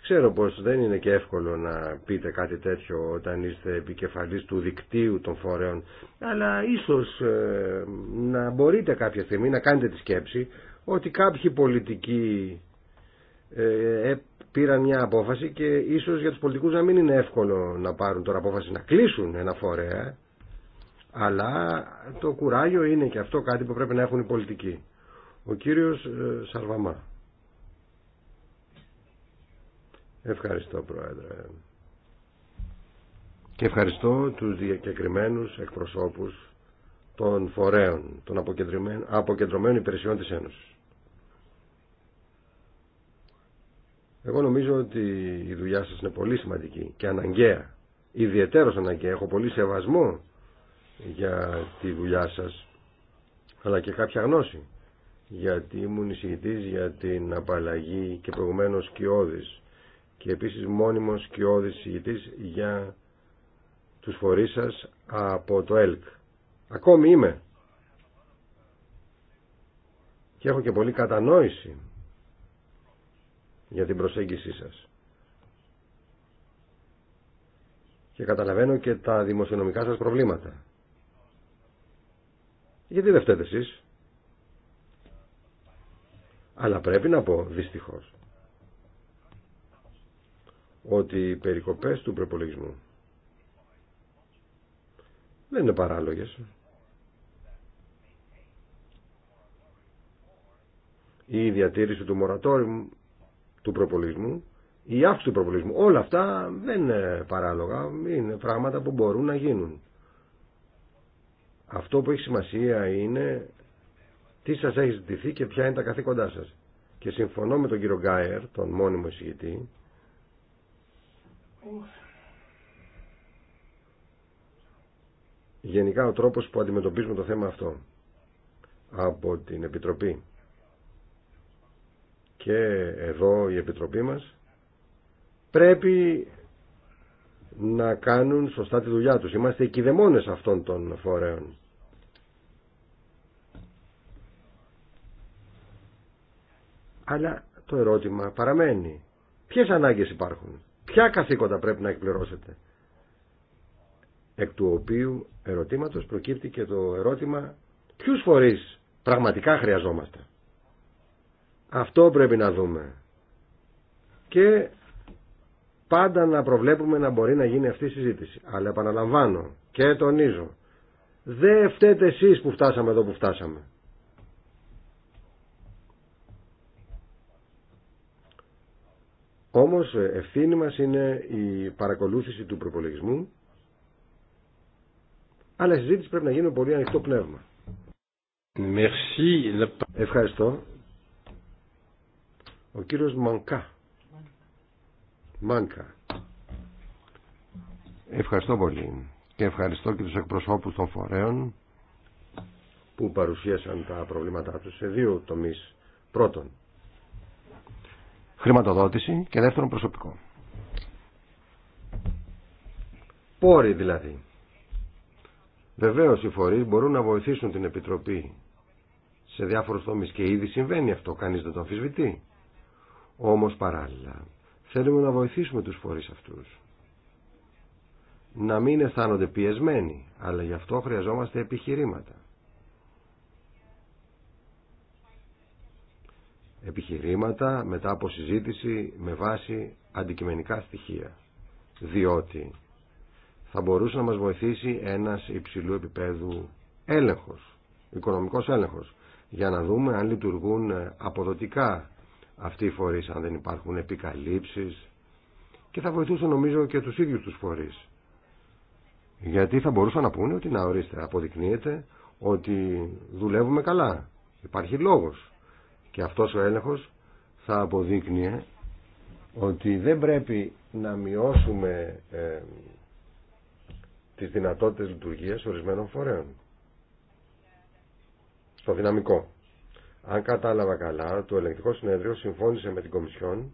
Ξέρω πως δεν είναι και εύκολο να πείτε κάτι τέτοιο όταν είστε επικεφαλής του δικτύου των φορέων, αλλά ίσως ε, να μπορείτε κάποια στιγμή να κάνετε τη σκέψη ότι κάποιοι πολιτικοί ε, πήραν μια απόφαση και ίσως για τους πολιτικούς να μην είναι εύκολο να πάρουν τώρα απόφαση να κλείσουν ένα φορέα αλλά το κουράγιο είναι και αυτό κάτι που πρέπει να έχουν οι πολιτικοί. Ο κύριος ε, Σαρβαμά. Ευχαριστώ Πρόεδρε. Και ευχαριστώ τους διακεκριμένους εκπροσώπους των φορέων, των αποκεντρωμένων υπηρεσιών της Ένωσης. Εγώ νομίζω ότι η δουλειά σας είναι πολύ σημαντική και αναγκαία. Ιδιαίτερος αναγκαία. Έχω πολύ σεβασμό για τη δουλειά σας αλλά και κάποια γνώση γιατί ήμουν εισηγητής για την απαλλαγή και προηγουμένως σκιώδης και επίσης μόνιμος σκιώδης εισηγητής για τους φορείς σας από το ΕΛΚ. Ακόμη είμαι και έχω και πολύ κατανόηση για την προσέγγιση σας. Και καταλαβαίνω και τα δημοσιονομικά σας προβλήματα. Γιατί δεν φταίτε εσείς. Αλλά πρέπει να πω δυστυχώς ότι οι περικοπές του προπολογισμού δεν είναι παράλογες. Ή η διατήρηση του μορατόριου του προπολογισμού ή αύξηση του προπολογισμού. Όλα αυτά δεν είναι παράλογα, είναι πράγματα που μπορούν να γίνουν. Αυτό που έχει σημασία είναι τι σας έχει ζητηθεί και ποια είναι τα καθήκοντά σας. Και συμφωνώ με τον κύριο Γκάιερ, τον μόνιμο εισηγητή, γενικά ο τρόπος που αντιμετωπίζουμε το θέμα αυτό από την Επιτροπή και εδώ η Επιτροπή μας πρέπει να κάνουν σωστά τη δουλειά τους. Είμαστε οι αυτών των φορέων. Αλλά το ερώτημα παραμένει. Ποιες ανάγκες υπάρχουν. Ποια καθήκοντα πρέπει να εκπληρώσετε. Εκ του οποίου ερωτήματος προκύπτει και το ερώτημα ποιους φορείς πραγματικά χρειαζόμαστε. Αυτό πρέπει να δούμε. Και πάντα να προβλέπουμε να μπορεί να γίνει αυτή η συζήτηση. Αλλά επαναλαμβάνω και τονίζω. Δεν φταίτε εσείς που φτάσαμε εδώ που φτάσαμε. Όμως ε, ευθύνη μας είναι η παρακολούθηση του προπολογισμού, αλλά η συζήτηση πρέπει να γίνει με πολύ ανοιχτό πνεύμα. Merci. Ευχαριστώ. Ο κύριος Μανκά. Μάνκα. Ευχαριστώ πολύ και ευχαριστώ και τους εκπροσώπους των φορέων που παρουσίασαν τα προβλήματά τους σε δύο τομείς. Πρώτον, χρηματοδότηση και δεύτερον προσωπικό. Πόροι δηλαδή. Βεβαίως οι φορείς μπορούν να βοηθήσουν την Επιτροπή σε διάφορους τομεί και ήδη συμβαίνει αυτό, κανείς δεν το αμφισβητεί. Όμως παράλληλα θέλουμε να βοηθήσουμε τους φορείς αυτούς Να μην αισθάνονται πιεσμένοι, αλλά γι' αυτό χρειαζόμαστε επιχειρήματα. επιχειρήματα μετά από συζήτηση με βάση αντικειμενικά στοιχεία. Διότι θα μπορούσε να μας βοηθήσει ένας υψηλού επίπεδου έλεγχος, οικονομικός έλεγχος, για να δούμε αν λειτουργούν αποδοτικά αυτοί οι φορείς, αν δεν υπάρχουν επικαλύψεις και θα βοηθούσε νομίζω και τους ίδιους τους φορείς. Γιατί θα μπορούσαν να πούνε ότι να ορίστε, αποδεικνύεται ότι δουλεύουμε καλά. Υπάρχει λόγος και αυτός ο έλεγχος θα αποδείκνυε ότι δεν πρέπει να μειώσουμε ε, τις δυνατότητες λειτουργίας ορισμένων φορέων. Στο δυναμικό. Αν κατάλαβα καλά, το ελεγκτικό συνέδριο συμφώνησε με την Κομισιόν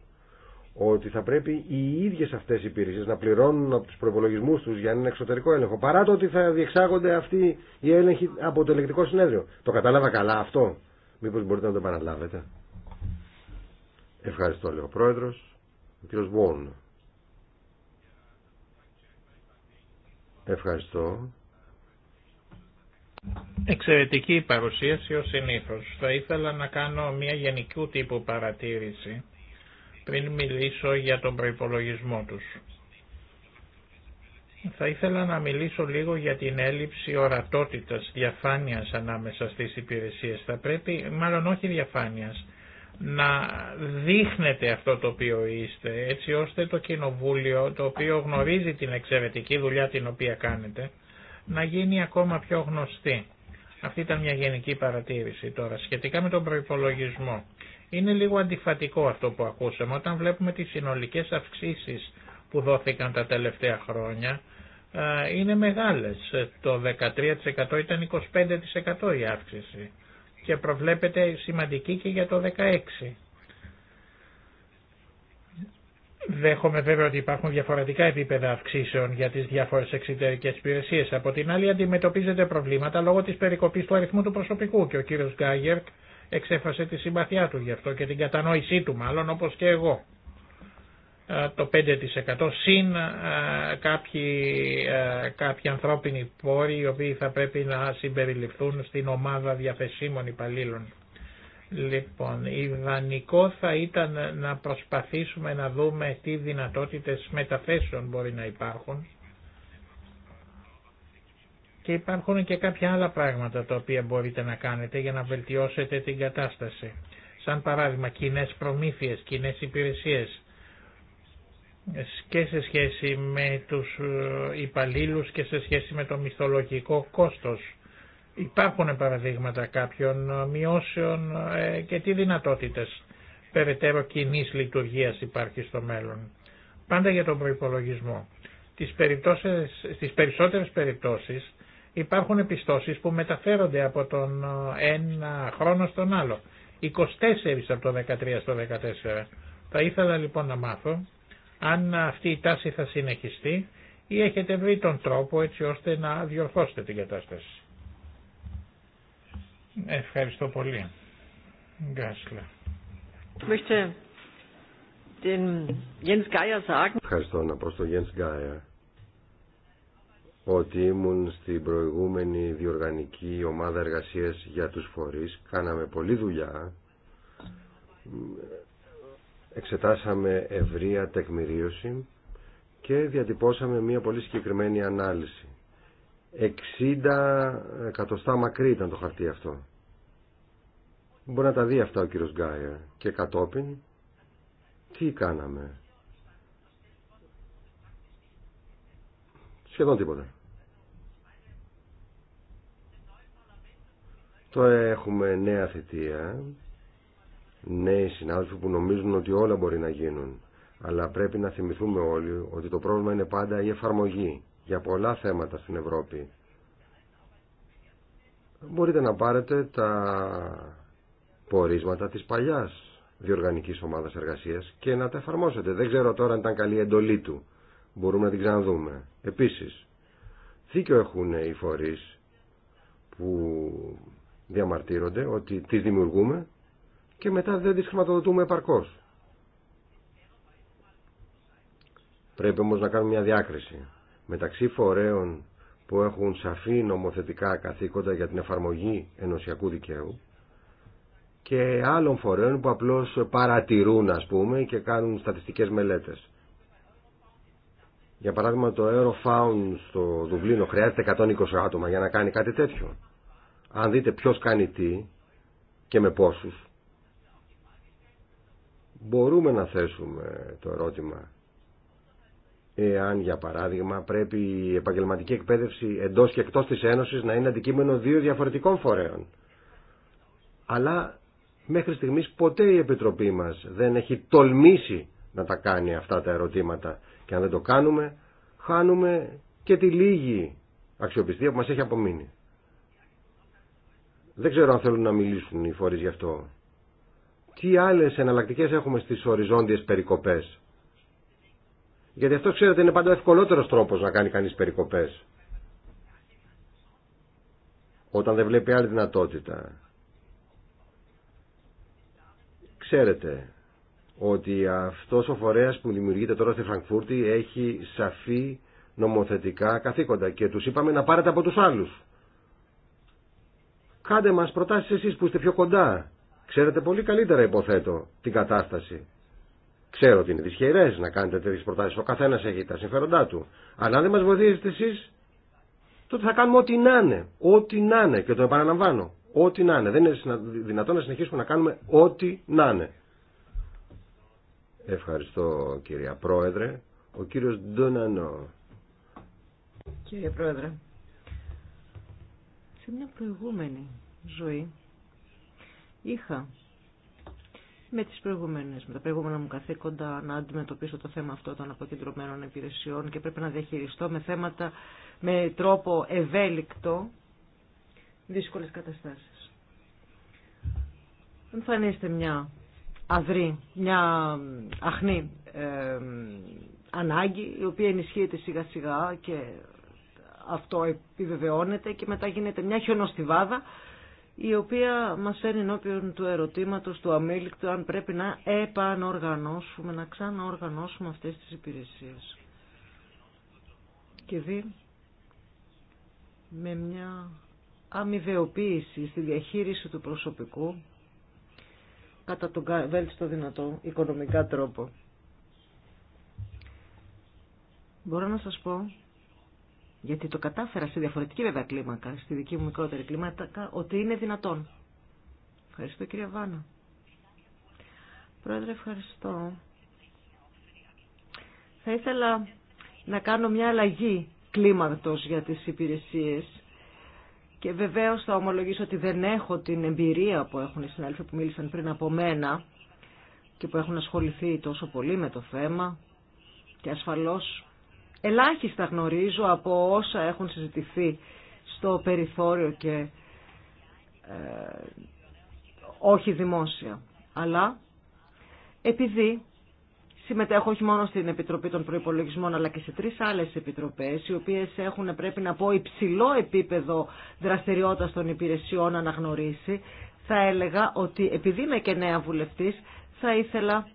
ότι θα πρέπει οι ίδιες αυτές οι υπηρεσίες να πληρώνουν από τους προπολογισμούς τους για ένα εξωτερικό έλεγχο, παρά το ότι θα διεξάγονται αυτοί οι έλεγχοι από το ελεγκτικό συνέδριο. Το κατάλαβα καλά αυτό. Μήπως μπορείτε να το επαναλάβετε. Ευχαριστώ, λέει ο Πρόεδρος. Ο κύριος Βόν. Ευχαριστώ. Εξαιρετική παρουσίαση ως συνήθως. Θα ήθελα να κάνω μια γενικού τύπου παρατήρηση πριν μιλήσω για τον προϋπολογισμό τους. Θα ήθελα να μιλήσω λίγο για την έλλειψη ορατότητας, διαφάνειας ανάμεσα στις υπηρεσίες. Θα πρέπει, μάλλον όχι διαφάνειας, να δείχνετε αυτό το οποίο είστε, έτσι ώστε το κοινοβούλιο, το οποίο γνωρίζει την εξαιρετική δουλειά την οποία κάνετε, να γίνει ακόμα πιο γνωστή. Αυτή ήταν μια γενική παρατήρηση τώρα. Σχετικά με τον προϋπολογισμό, είναι λίγο αντιφατικό αυτό που ακούσαμε. Όταν βλέπουμε τις συνολικές αυξήσεις που δόθηκαν τα τελευταία χρόνια είναι μεγάλες. Το 13% ήταν 25% η αύξηση και προβλέπεται σημαντική και για το 16%. Δέχομαι βέβαια ότι υπάρχουν διαφορετικά επίπεδα αυξήσεων για τις διάφορες εξωτερικές υπηρεσίε. Από την άλλη αντιμετωπίζεται προβλήματα λόγω της περικοπής του αριθμού του προσωπικού και ο κύριος Γκάγερ εξέφασε τη συμπαθιά του γι' αυτό και την κατανόησή του μάλλον όπως και εγώ το 5% συν κάποιοι, κάποιοι ανθρώπινοι πόροι οι οποίοι θα πρέπει να συμπεριληφθούν στην ομάδα διαθεσίμων υπαλλήλων. Λοιπόν, ιδανικό θα ήταν να προσπαθήσουμε να δούμε τι δυνατότητες μεταθέσεων μπορεί να υπάρχουν και υπάρχουν και κάποια άλλα πράγματα τα οποία μπορείτε να κάνετε για να βελτιώσετε την κατάσταση. Σαν παράδειγμα, κοινέ προμήθειες, κοινέ υπηρεσίες και σε σχέση με τους ε, υπαλλήλους και σε σχέση με το μισθολογικό κόστος. Υπάρχουν παραδείγματα κάποιων ε, μειώσεων ε, και τι δυνατότητες περαιτέρω κοινή λειτουργία υπάρχει στο μέλλον. Πάντα για τον προϋπολογισμό. Τις στις περισσότερες περιπτώσεις υπάρχουν επιστώσεις που μεταφέρονται από τον ένα χρόνο στον άλλο. 24 από το 13 στο 14. Θα ήθελα λοιπόν να μάθω αν αυτή η τάση θα συνεχιστεί ή έχετε βρει τον τρόπο έτσι ώστε να διορθώσετε την κατάσταση. Ευχαριστώ πολύ. Γκάσλα. Ευχαριστώ να πω στον γένς Γκάια ότι ήμουν στην προηγούμενη διοργανική ομάδα εργασίας για τους φορείς. Κάναμε πολλή δουλειά εξετάσαμε ευρεία τεκμηρίωση και διατυπώσαμε μια πολύ συγκεκριμένη ανάλυση. 60 εκατοστά μακρύ ήταν το χαρτί αυτό. Μπορεί να τα δει αυτά ο κύριος Γκάιερ. Και κατόπιν, τι κάναμε. Σχεδόν τίποτα. Το έχουμε νέα θητεία νέοι συνάδελφοι που νομίζουν ότι όλα μπορεί να γίνουν. Αλλά πρέπει να θυμηθούμε όλοι ότι το πρόβλημα είναι πάντα η εφαρμογή για πολλά θέματα στην Ευρώπη. Μπορείτε να πάρετε τα πορίσματα της παλιάς διοργανικής ομάδας εργασίας και να τα εφαρμόσετε. Δεν ξέρω τώρα αν ήταν καλή η εντολή του. Μπορούμε να την ξαναδούμε. Επίσης, δίκιο έχουν οι φορείς που διαμαρτύρονται ότι τις δημιουργούμε και μετά δεν τις χρηματοδοτούμε επαρκώς. Πρέπει όμως να κάνουμε μια διάκριση μεταξύ φορέων που έχουν σαφή νομοθετικά καθήκοντα για την εφαρμογή ενωσιακού δικαίου και άλλων φορέων που απλώς παρατηρούν ας πούμε και κάνουν στατιστικές μελέτες. Για παράδειγμα το Aerofound στο Δουβλίνο χρειάζεται 120 άτομα για να κάνει κάτι τέτοιο. Αν δείτε ποιος κάνει τι και με πόσους μπορούμε να θέσουμε το ερώτημα εάν για παράδειγμα πρέπει η επαγγελματική εκπαίδευση εντός και εκτός της Ένωσης να είναι αντικείμενο δύο διαφορετικών φορέων. Αλλά μέχρι στιγμής ποτέ η Επιτροπή μας δεν έχει τολμήσει να τα κάνει αυτά τα ερωτήματα και αν δεν το κάνουμε χάνουμε και τη λίγη αξιοπιστία που μας έχει απομείνει. Δεν ξέρω αν θέλουν να μιλήσουν οι φορείς γι' αυτό τι άλλες εναλλακτικές έχουμε στις οριζόντιες περικοπές. Γιατί αυτό ξέρετε είναι πάντα ευκολότερος τρόπος να κάνει κανείς περικοπές. Όταν δεν βλέπει άλλη δυνατότητα. Ξέρετε ότι αυτός ο φορέας που δημιουργείται τώρα στη Φραγκφούρτη έχει σαφή νομοθετικά καθήκοντα και τους είπαμε να πάρετε από τους άλλους. Κάντε μας προτάσεις εσείς που είστε πιο κοντά Ξέρετε πολύ καλύτερα, υποθέτω, την κατάσταση. Ξέρω ότι είναι δυσχερέ να κάνετε τέτοιε προτάσει. Ο καθένα έχει τα συμφέροντά του. Αλλά αν δεν μα βοηθήσετε εσεί, τότε θα κάνουμε ό,τι να είναι. Ό,τι να είναι. Και το επαναλαμβάνω. Ό,τι να είναι. Δεν είναι δυνατόν να συνεχίσουμε να κάνουμε ό,τι να είναι. Ευχαριστώ κυρία Πρόεδρε. Ο κύριο Ντονανό. Κύριε Πρόεδρε, σε μια προηγούμενη ζωή είχα με, τις προηγούμενες, με τα προηγούμενα μου καθήκοντα να αντιμετωπίσω το θέμα αυτό των αποκεντρωμένων υπηρεσιών και πρέπει να διαχειριστώ με θέματα με τρόπο ευέλικτο δύσκολες καταστάσεις. είστε μια αδρή, μια αχνή ανάγκη η οποία ενισχύεται σιγά σιγά και αυτό επιβεβαιώνεται και μετά γίνεται μια χιονοστιβάδα η οποία μας φέρνει νόπιον του ερωτήματος του αμήλικτου αν πρέπει να επανοργανώσουμε, να ξαναοργανώσουμε αυτές τις υπηρεσίες. Και δει με μια αμοιβεοποίηση στη διαχείριση του προσωπικού κατά τον βέλτιστο δυνατό οικονομικά τρόπο. Μπορώ να σας πω γιατί το κατάφερα σε διαφορετική βέβαια κλίμακα, στη δική μου μικρότερη κλίμακα, ότι είναι δυνατόν. Ευχαριστώ κυρία Βάνα. Πρόεδρε, ευχαριστώ. Θα ήθελα να κάνω μια αλλαγή κλίματος για τις υπηρεσίες και βεβαίως θα ομολογήσω ότι δεν έχω την εμπειρία που έχουν οι συνάδελφοι που μίλησαν πριν από μένα και που έχουν ασχοληθεί τόσο πολύ με το θέμα και ασφαλώς ελάχιστα γνωρίζω από όσα έχουν συζητηθεί στο περιθώριο και ε, όχι δημόσια. Αλλά επειδή συμμετέχω όχι μόνο στην Επιτροπή των Προϋπολογισμών αλλά και σε τρεις άλλες επιτροπές οι οποίες έχουν πρέπει να πω υψηλό επίπεδο δραστηριότητας των υπηρεσιών αναγνωρίσει θα έλεγα ότι επειδή είμαι και νέα βουλευτής θα ήθελα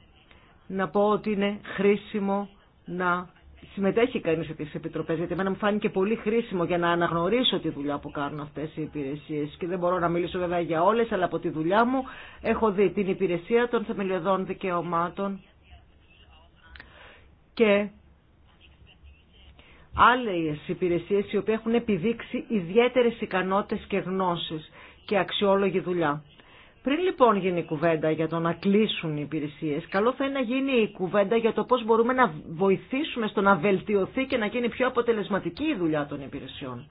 να πω ότι είναι χρήσιμο να συμμετέχει κανείς σε τις επιτροπές, γιατί εμένα μου φάνηκε πολύ χρήσιμο για να αναγνωρίσω τη δουλειά που κάνουν αυτές οι υπηρεσίες και δεν μπορώ να μιλήσω βέβαια για όλες, αλλά από τη δουλειά μου έχω δει την υπηρεσία των θεμελιωδών δικαιωμάτων και άλλες υπηρεσίες οι οποίες έχουν επιδείξει ιδιαίτερες ικανότητες και γνώσεις και αξιόλογη δουλειά. Πριν λοιπόν γίνει η κουβέντα για το να κλείσουν οι υπηρεσίε, καλό θα είναι να γίνει η κουβέντα για το πώ μπορούμε να βοηθήσουμε στο να βελτιωθεί και να γίνει πιο αποτελεσματική η δουλειά των υπηρεσιών.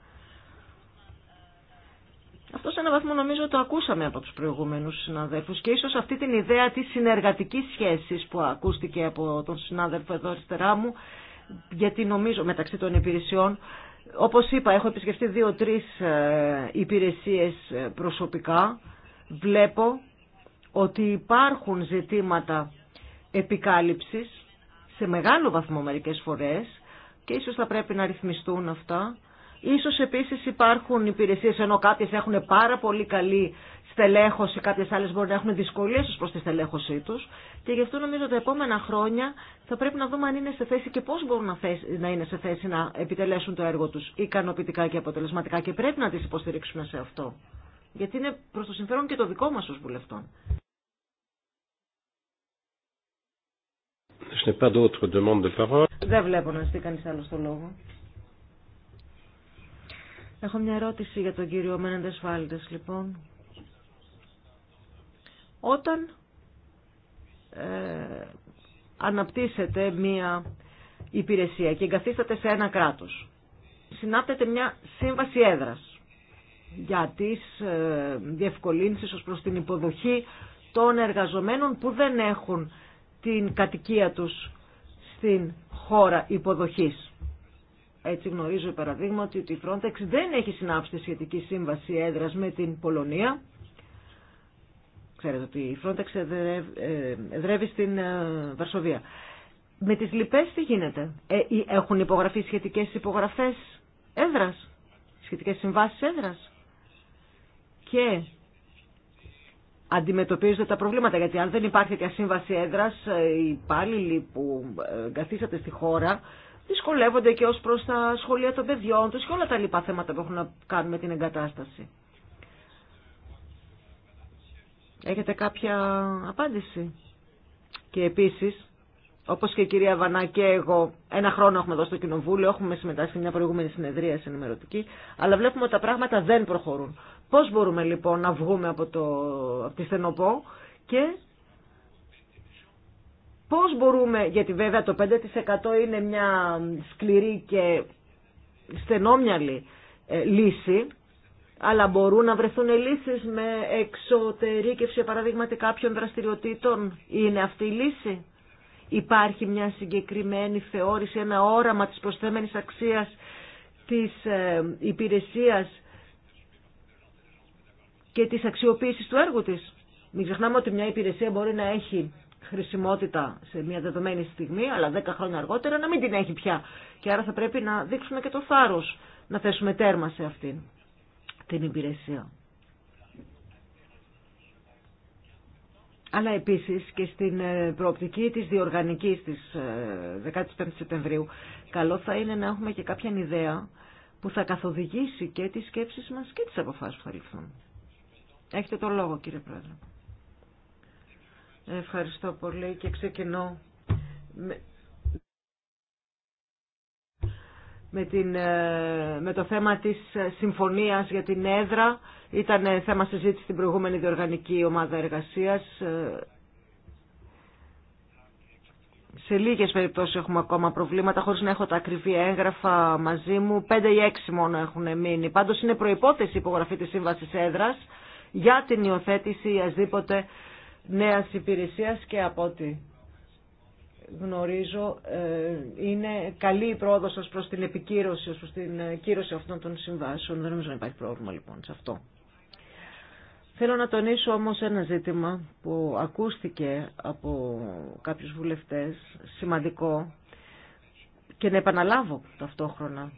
Αυτό σε έναν βαθμό νομίζω το ακούσαμε από τους προηγούμενους συναδέλφους και ίσως αυτή την ιδέα της συνεργατικής σχέσης που ακούστηκε από τον συνάδελφο εδώ αριστερά μου, γιατί νομίζω μεταξύ των υπηρεσιών, όπως είπα έχω επισκεφτεί δύο-τρεις ε, υπηρεσίες ε, προσωπικά, βλέπω ότι υπάρχουν ζητήματα επικάλυψης σε μεγάλο βαθμό μερικές φορές και ίσως θα πρέπει να ρυθμιστούν αυτά. Ίσως επίσης υπάρχουν υπηρεσίες ενώ κάποιες έχουν πάρα πολύ καλή στελέχωση, κάποιες άλλες μπορεί να έχουν δυσκολίες ως προς τη στελέχωσή τους και γι' αυτό νομίζω τα επόμενα χρόνια θα πρέπει να δούμε αν είναι σε θέση και πώς μπορούν να, είναι σε θέση να επιτελέσουν το έργο τους ικανοποιητικά και αποτελεσματικά και πρέπει να τις υποστηρίξουμε σε αυτό γιατί είναι προς το συμφέρον και το δικό μας ως βουλευτών. Δεν βλέπω να στεί κανείς άλλο το λόγο. Έχω μια ερώτηση για τον κύριο Μένεντες Φάλτες, λοιπόν. Όταν ε, αναπτύσσεται μια υπηρεσία και εγκαθίσταται σε ένα κράτος, συνάπτεται μια σύμβαση έδρας για τις ε, διευκολύνσεις ως προς την υποδοχή των εργαζομένων που δεν έχουν την κατοικία τους στην χώρα υποδοχής. Έτσι γνωρίζω παραδείγματι ότι η Frontex δεν έχει συνάψει τη σχετική σύμβαση έδρας με την Πολωνία. Ξέρετε ότι η Frontex ε, εδρεύει στην ε, Βαρσοβία. Με τις λοιπές τι γίνεται. έχουν υπογραφεί σχετικές υπογραφές έδρας, σχετικές συμβάσεις έδρας και αντιμετωπίζονται τα προβλήματα. Γιατί αν δεν υπάρχει και σύμβαση έδρας, ε, οι υπάλληλοι που ε, καθίσατε στη χώρα δυσκολεύονται και ως προς τα σχολεία των παιδιών τους και όλα τα λοιπά θέματα που έχουν να κάνουν με την εγκατάσταση. Έχετε κάποια απάντηση. Και επίσης, όπως και η κυρία Βανά και εγώ, ένα χρόνο έχουμε εδώ στο Κοινοβούλιο, έχουμε συμμετάσχει σε μια προηγούμενη συνεδρία ενημερωτική, αλλά βλέπουμε ότι τα πράγματα δεν προχωρούν. Πώς μπορούμε λοιπόν να βγούμε από, το, από τη στενοπό και πώς μπορούμε, γιατί βέβαια το 5% είναι μια σκληρή και στενόμυαλη ε, λύση, αλλά μπορούν να βρεθούν λύσεις με εξωτερήκευση, παραδείγματι, κάποιων δραστηριοτήτων. Είναι αυτή η λύση. Υπάρχει μια συγκεκριμένη θεώρηση, ένα όραμα της προσθέμενης αξίας της ε, υπηρεσίας και της αξιοποίησης του έργου της. Μην ξεχνάμε ότι μια υπηρεσία μπορεί να έχει χρησιμότητα σε μια δεδομένη στιγμή, αλλά 10 χρόνια αργότερα να μην την έχει πια. Και άρα θα πρέπει να δείξουμε και το θάρρος να θέσουμε τέρμα σε αυτήν την υπηρεσία. αλλά επίσης και στην ε, προοπτική της διοργανικής της 15 ε, Σεπτεμβρίου, καλό θα είναι να έχουμε και κάποια ιδέα που θα καθοδηγήσει και τις σκέψεις μας και τις αποφάσεις που θα ληφθούν. Έχετε το λόγο κύριε Πρόεδρε. Ευχαριστώ πολύ και ξεκινώ με, την, ε, με το θέμα της ε, συμφωνίας για την έδρα. Ήταν ε, θέμα συζήτηση στην προηγούμενη διοργανική ομάδα εργασίας. Σε λίγες περιπτώσεις έχουμε ακόμα προβλήματα, χωρίς να έχω τα ακριβή έγγραφα μαζί μου. Πέντε ή έξι μόνο έχουν μείνει. Πάντως είναι προϋπόθεση η εξι μονο εχουν μεινει παντως ειναι προυποθεση υπογραφη της σύμβασης έδρας για την υιοθέτηση ασδήποτε νέας υπηρεσίας και από ό,τι γνωρίζω ε, είναι καλή η πρόοδος σα προς την επικύρωση, ως προς την ε, κύρωση αυτών των συμβάσεων. Δεν νομίζω να υπάρχει πρόβλημα λοιπόν σε αυτό. Θέλω να τονίσω όμως ένα ζήτημα που ακούστηκε από κάποιους βουλευτές, σημαντικό, και να επαναλάβω ταυτόχρονα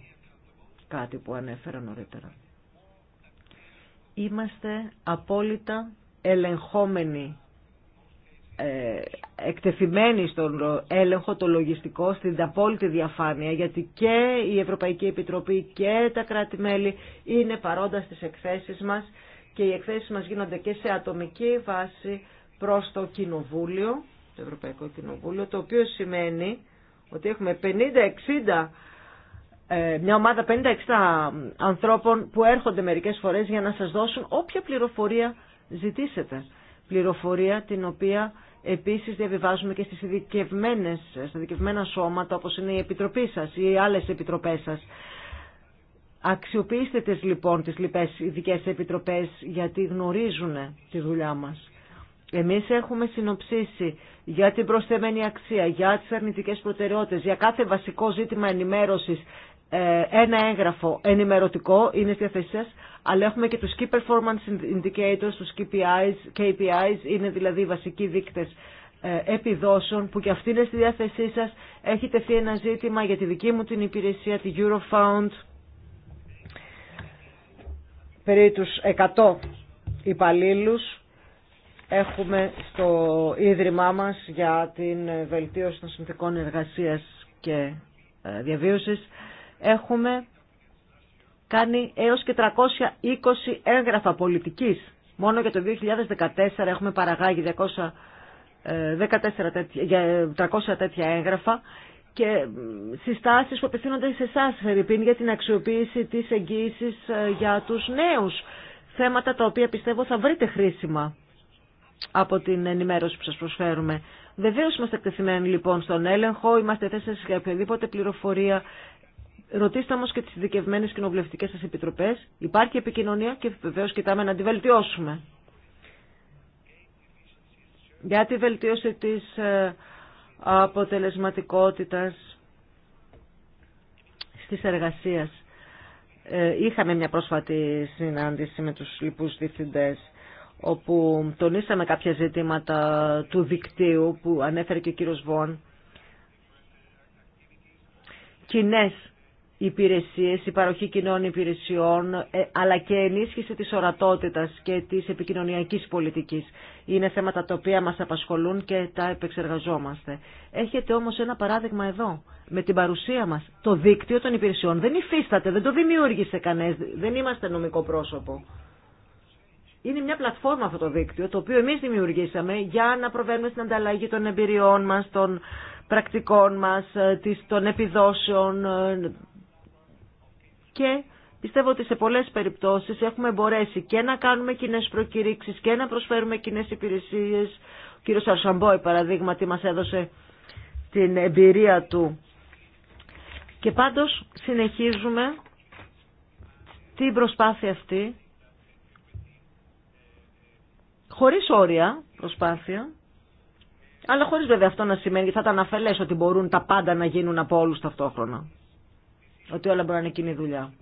κάτι που ανέφερα νωρίτερα. Είμαστε απόλυτα ελεγχόμενοι ε, εκτεθειμένη στον έλεγχο το λογιστικό, στην απόλυτη διαφάνεια, γιατί και η Ευρωπαϊκή Επιτροπή και τα κράτη-μέλη είναι παρόντα στις εκθέσεις μας και οι εκθέσεις μας γίνονται και σε ατομική βάση προς το Κοινοβούλιο, το Ευρωπαϊκό Κοινοβούλιο, το οποίο σημαίνει ότι έχουμε 50-60 ε, μια ομάδα 50-60 ανθρώπων που έρχονται μερικές φορές για να σας δώσουν όποια πληροφορία ζητήσετε. Πληροφορία την οποία Επίσης διαβιβάζουμε και στι ειδικευμένε, στα ειδικευμένα σώματα όπω είναι η Επιτροπή σα ή οι άλλες επιτροπές σα. Αξιοποιήστε τις, λοιπόν τι λοιπές ειδικέ επιτροπές γιατί γνωρίζουν τη δουλειά μας. Εμείς έχουμε συνοψίσει για την προσθεμένη αξία, για τις αρνητικές προτεραιότητε, για κάθε βασικό ζήτημα ενημέρωση, ε, ένα έγγραφο ενημερωτικό είναι στη θέση σας αλλά έχουμε και τους Key Performance Indicators, τους KPIs, KPIs είναι δηλαδή βασικοί δείκτες ε, επιδόσεων που και αυτή είναι στη διάθεσή σας. Έχει τεθεί ένα ζήτημα για τη δική μου την υπηρεσία, τη Eurofound, περί τους 100 υπαλλήλου έχουμε στο Ίδρυμά μας για την βελτίωση των συνθηκών εργασίας και ε, διαβίωσης. Έχουμε κάνει έως και 320 έγγραφα πολιτικής. Μόνο για το 2014 έχουμε παραγάγει 300 ε, ε, τέτοια έγγραφα και συστάσεις που απευθύνονται σε εσά, Φερρυπίν, για την αξιοποίηση της εγγύησης ε, για τους νέους. Θέματα τα οποία πιστεύω θα βρείτε χρήσιμα από την ενημέρωση που σας προσφέρουμε. Βεβαίω είμαστε εκτεθειμένοι λοιπόν στον έλεγχο, είμαστε θέσει για οποιαδήποτε πληροφορία Ρωτήστε όμω και τι ειδικευμένε κοινοβουλευτικέ σα επιτροπέ. Υπάρχει επικοινωνία και βεβαίω κοιτάμε να τη βελτιώσουμε. Για τη βελτίωση τη ε, αποτελεσματικότητα τη εργασία. Ε, είχαμε μια πρόσφατη συνάντηση με τους λοιπούς διευθυντές όπου τονίσαμε κάποια ζητήματα του δικτύου που ανέφερε και ο κύριος Βον. Κοινές υπηρεσίες, η παροχή κοινών υπηρεσιών, ε, αλλά και ενίσχυση της ορατότητας και της επικοινωνιακής πολιτικής. Είναι θέματα τα οποία μας απασχολούν και τα επεξεργαζόμαστε. Έχετε όμως ένα παράδειγμα εδώ, με την παρουσία μας. Το δίκτυο των υπηρεσιών δεν υφίσταται, δεν το δημιούργησε κανένας, δεν είμαστε νομικό πρόσωπο. Είναι μια πλατφόρμα αυτό το δίκτυο, το οποίο εμείς δημιουργήσαμε για να προβαίνουμε στην ανταλλαγή των εμπειριών μας, των πρακτικών μας, ε, των επιδόσεων, ε, και πιστεύω ότι σε πολλές περιπτώσεις έχουμε μπορέσει και να κάνουμε κοινέ προκηρύξεις και να προσφέρουμε κοινέ υπηρεσίες. Ο κύριος Αρσαμπόη παραδείγματι μας έδωσε την εμπειρία του. Και πάντως συνεχίζουμε την προσπάθεια αυτή, χωρίς όρια προσπάθεια, αλλά χωρίς βέβαια αυτό να σημαίνει, θα ήταν αφελές ότι μπορούν τα πάντα να γίνουν από όλους ταυτόχρονα ότι όλα μπορεί να είναι κοινή δουλειά.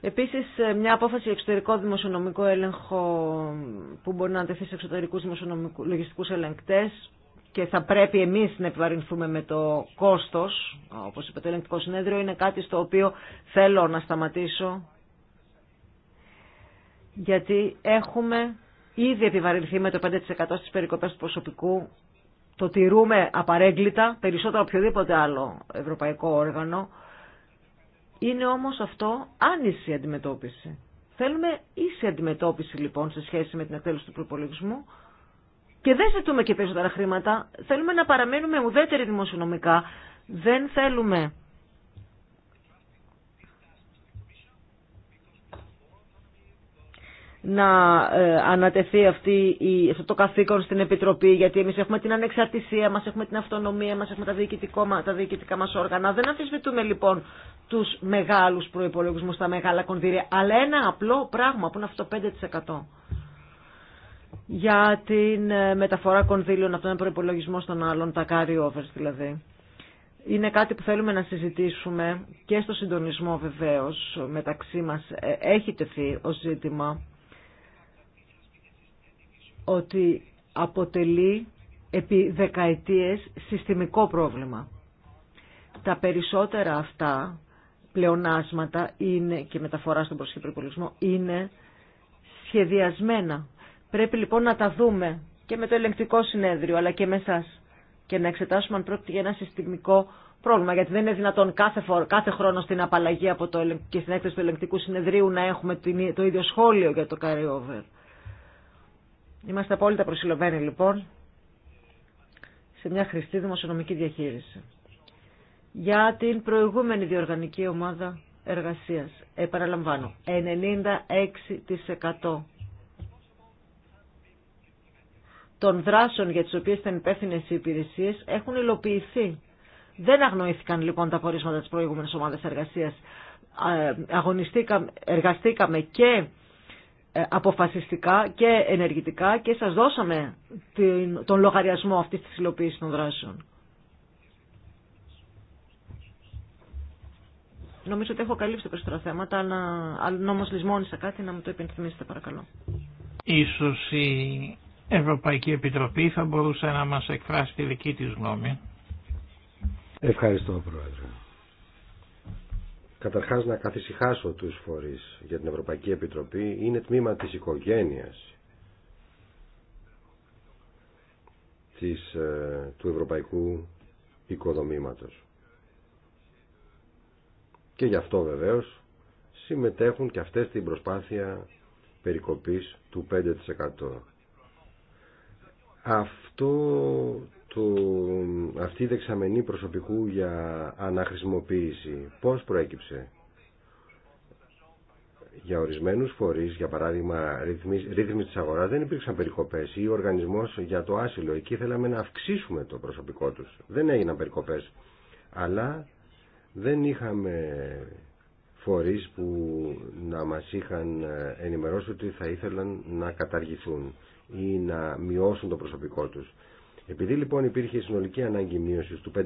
Επίσης, μια απόφαση εξωτερικό δημοσιονομικό έλεγχο που μπορεί να αντεθεί σε εξωτερικούς λογιστικού λογιστικούς και θα πρέπει εμεί να επιβαρυνθούμε με το κόστος, όπως είπε το ελεγκτικό συνέδριο, είναι κάτι στο οποίο θέλω να σταματήσω, γιατί έχουμε ήδη επιβαρυνθεί με το 5% στι περικοπές του προσωπικού το τηρούμε απαρέγκλιτα, περισσότερο από οποιοδήποτε άλλο ευρωπαϊκό όργανο. Είναι όμως αυτό άνηση αντιμετώπιση. Θέλουμε ίση αντιμετώπιση λοιπόν σε σχέση με την εκτέλεση του προπολογισμού και δεν ζητούμε και περισσότερα χρήματα. Θέλουμε να παραμένουμε ουδέτεροι δημοσιονομικά. Δεν θέλουμε να ε, ανατεθεί αυτή η, αυτό το καθήκον στην Επιτροπή, γιατί εμείς έχουμε την ανεξαρτησία μας, έχουμε την αυτονομία μας, έχουμε τα, τα διοικητικά μας όργανα. Δεν αμφισβητούμε λοιπόν τους μεγάλους προϋπολογισμούς, τα μεγάλα κονδύλια, αλλά ένα απλό πράγμα που είναι αυτό 5% για την ε, μεταφορά κονδύλων από τον προπολογισμό στον άλλον, τα carry-overs δηλαδή. Είναι κάτι που θέλουμε να συζητήσουμε και στο συντονισμό βεβαίως μεταξύ μας ε, έχει τεθεί ως ζήτημα ότι αποτελεί επί δεκαετίες συστημικό πρόβλημα. Τα περισσότερα αυτά πλεονάσματα είναι, και μεταφορά στον υπολογισμό είναι σχεδιασμένα. Πρέπει λοιπόν να τα δούμε και με το ελεγκτικό συνέδριο αλλά και με εσά και να εξετάσουμε αν πρόκειται για ένα συστημικό πρόβλημα. Γιατί δεν είναι δυνατόν κάθε, φορ, κάθε χρόνο στην απαλλαγή το, και στην έκθεση του ελεγκτικού συνεδρίου να έχουμε το ίδιο σχόλιο για το carry Είμαστε απόλυτα προσιλωμένοι λοιπόν σε μια χρηστή δημοσιονομική διαχείριση. Για την προηγούμενη διοργανική ομάδα εργασίας, επαναλαμβάνω, 96% των δράσεων για τις οποίες ήταν υπεύθυνε οι υπηρεσίες έχουν υλοποιηθεί. Δεν αγνοήθηκαν λοιπόν τα πορίσματα της προηγούμενης ομάδας εργασίας. εργαστήκαμε και ε, αποφασιστικά και ενεργητικά και σας δώσαμε τον λογαριασμό αυτής της υλοποίησης των δράσεων. Νομίζω ότι έχω καλύψει περισσότερα θέματα, αν όμως λησμόνισα κάτι να μου το υπενθυμίσετε παρακαλώ. Ίσως η Ευρωπαϊκή Επιτροπή θα μπορούσε να μας εκφράσει τη δική της γνώμη. Ευχαριστώ Πρόεδρε. Καταρχάς να καθησυχάσω τους φορείς για την Ευρωπαϊκή Επιτροπή. Είναι τμήμα της οικογένειας της, ε, του ευρωπαϊκού οικοδομήματος. Και γι' αυτό βεβαίως συμμετέχουν και αυτές την προσπάθεια περικοπής του 5%. Αυτό του, αυτή η δεξαμενή προσωπικού για αναχρησιμοποίηση πώς προέκυψε για ορισμένους φορείς, για παράδειγμα ρύθμιση της αγοράς δεν υπήρξαν περικοπές ή ο οργανισμός για το άσυλο εκεί θέλαμε να αυξήσουμε το προσωπικό τους δεν έγιναν περικοπές αλλά δεν είχαμε φορείς που να μας είχαν ε, ενημερώσει ότι θα ήθελαν να καταργηθούν ή να μειώσουν το προσωπικό τους. Επειδή λοιπόν υπήρχε η συνολική ανάγκη μείωση του 5%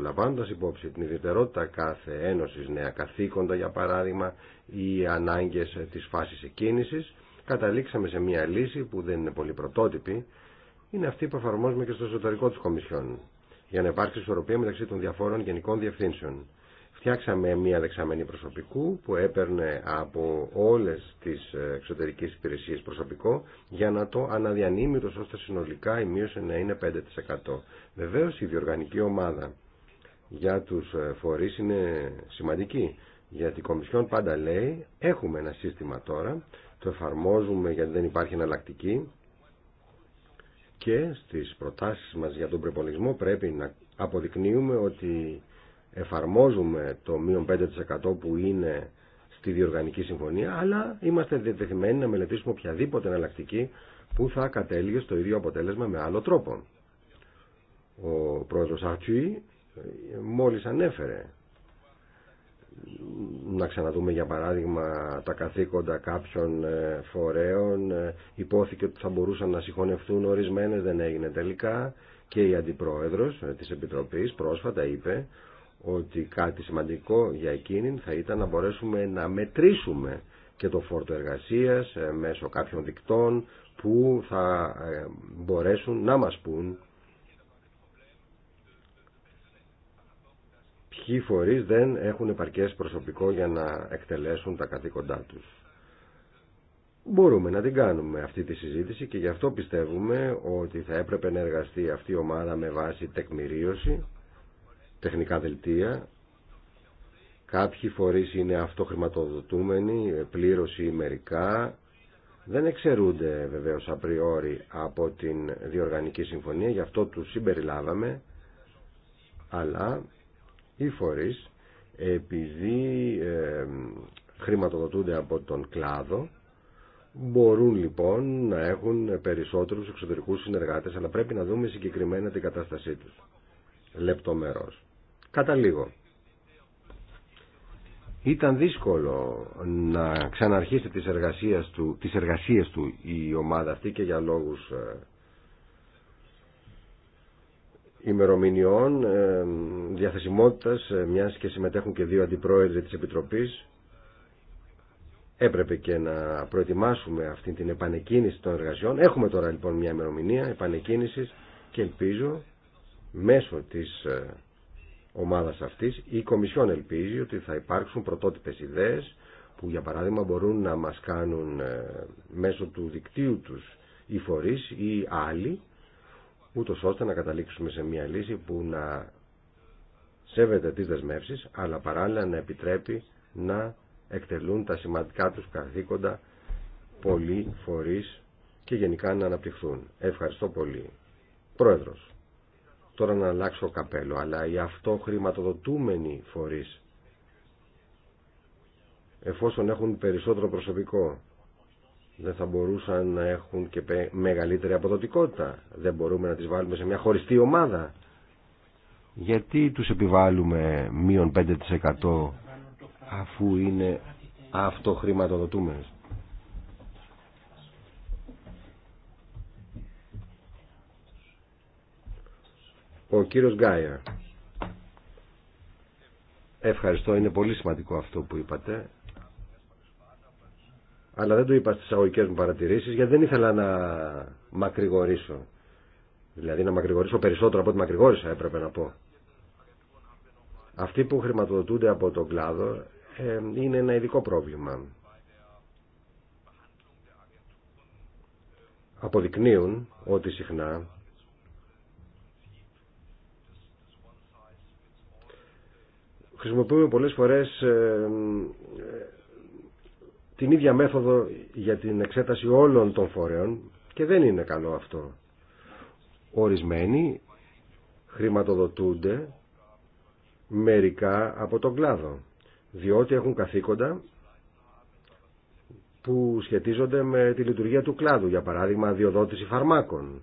λαμβάνοντα υπόψη την ιδιαιτερότητα κάθε ένωση, νέα καθήκοντα για παράδειγμα, ή ανάγκε τη φάση εκκίνηση, καταλήξαμε σε μια λύση που δεν είναι πολύ πρωτότυπη, είναι αυτή που εφαρμόζουμε και στο εσωτερικό τη Κομισιόν, για να υπάρξει ισορροπία μεταξύ των διαφόρων γενικών διευθύνσεων. Φτιάξαμε μία δεξαμενή προσωπικού που έπαιρνε από όλες τις εξωτερικές υπηρεσίες προσωπικό για να το αναδιανύμει ώστε συνολικά η μείωση να είναι 5%. Βεβαίως η διοργανική ομάδα για τους φορείς είναι σημαντική γιατί η Κομισιόν πάντα λέει έχουμε ένα σύστημα τώρα, το εφαρμόζουμε γιατί δεν υπάρχει εναλλακτική και στις προτάσεις μας για τον προπολογισμό πρέπει να αποδεικνύουμε ότι εφαρμόζουμε το μείον 5% που είναι στη διοργανική συμφωνία, αλλά είμαστε διατεθειμένοι να μελετήσουμε οποιαδήποτε εναλλακτική που θα κατέληγε στο ίδιο αποτέλεσμα με άλλο τρόπο. Ο πρόεδρος Αρτσουή ε, μόλις ανέφερε να ξαναδούμε για παράδειγμα τα καθήκοντα κάποιων ε, φορέων ε, υπόθηκε ότι θα μπορούσαν να συγχωνευτούν ορισμένες δεν έγινε τελικά και η αντιπρόεδρος της Επιτροπής πρόσφατα είπε ότι κάτι σημαντικό για εκείνη θα ήταν να μπορέσουμε να μετρήσουμε και το φόρτο εργασίας ε, μέσω κάποιων δικτών που θα ε, μπορέσουν να μας πούν ποιοι φορείς δεν έχουν επαρκές προσωπικό για να εκτελέσουν τα καθήκοντά τους. Μπορούμε να την κάνουμε αυτή τη συζήτηση και γι' αυτό πιστεύουμε ότι θα έπρεπε να εργαστεί αυτή η ομάδα με βάση τεκμηρίωση τεχνικά δελτία. Κάποιοι φορείς είναι αυτοχρηματοδοτούμενοι, πλήρωση ή μερικά. Δεν εξαιρούνται βεβαίως απριόρι από την διοργανική συμφωνία, γι' αυτό τους συμπεριλάβαμε. Αλλά οι φορείς, επειδή χρηματοδοτούνται από τον κλάδο, μπορούν λοιπόν να έχουν περισσότερους εξωτερικούς συνεργάτες, αλλά πρέπει να δούμε συγκεκριμένα την κατάστασή τους λεπτομερώς λίγο. Ήταν δύσκολο να ξαναρχίσει τις εργασίες του, τις εργασίες του η ομάδα αυτή και για λόγους ε, ημερομηνιών ε, διαθεσιμότητας ε, μιας και συμμετέχουν και δύο αντιπρόεδροι της Επιτροπής έπρεπε και να προετοιμάσουμε αυτή την επανεκκίνηση των εργασιών έχουμε τώρα λοιπόν μια ημερομηνία επανεκκίνησης και ελπίζω μέσω της ομάδας αυτής. Η Κομισιόν ελπίζει ότι θα υπάρξουν πρωτότυπες ιδέες που για παράδειγμα μπορούν να μας κάνουν ε, μέσω του δικτύου τους οι φορείς ή άλλοι ούτω ώστε να καταλήξουμε σε μια λύση που να σέβεται τις δεσμεύσεις αλλά παράλληλα να επιτρέπει να εκτελούν τα σημαντικά τους καθήκοντα πολλοί φορείς και γενικά να αναπτυχθούν. Ευχαριστώ πολύ. Πρόεδρος τώρα να αλλάξω καπέλο, αλλά οι αυτοχρηματοδοτούμενοι χρηματοδοτούμενοι φορείς, εφόσον έχουν περισσότερο προσωπικό, δεν θα μπορούσαν να έχουν και μεγαλύτερη αποδοτικότητα. Δεν μπορούμε να τις βάλουμε σε μια χωριστή ομάδα. Γιατί τους επιβάλλουμε μείον 5% αφού είναι αυτοχρηματοδοτούμενες. Ο κύριος Γκάιερ. Ευχαριστώ, είναι πολύ σημαντικό αυτό που είπατε. Αλλά δεν το είπα στις αγωγικές μου παρατηρήσεις γιατί δεν ήθελα να μακρηγορήσω. Δηλαδή να μακρηγορήσω περισσότερο από ό,τι μακρηγόρησα έπρεπε να πω. Αυτοί που χρηματοδοτούνται από τον κλάδο ε, είναι ένα ειδικό πρόβλημα. Αποδεικνύουν ότι συχνά Χρησιμοποιούμε πολλές φορές ε, ε, την ίδια μέθοδο για την εξέταση όλων των φορέων και δεν είναι καλό αυτό. Ορισμένοι χρηματοδοτούνται μερικά από τον κλάδο, διότι έχουν καθήκοντα που σχετίζονται με τη λειτουργία του κλάδου, για παράδειγμα αδειοδότηση φαρμάκων,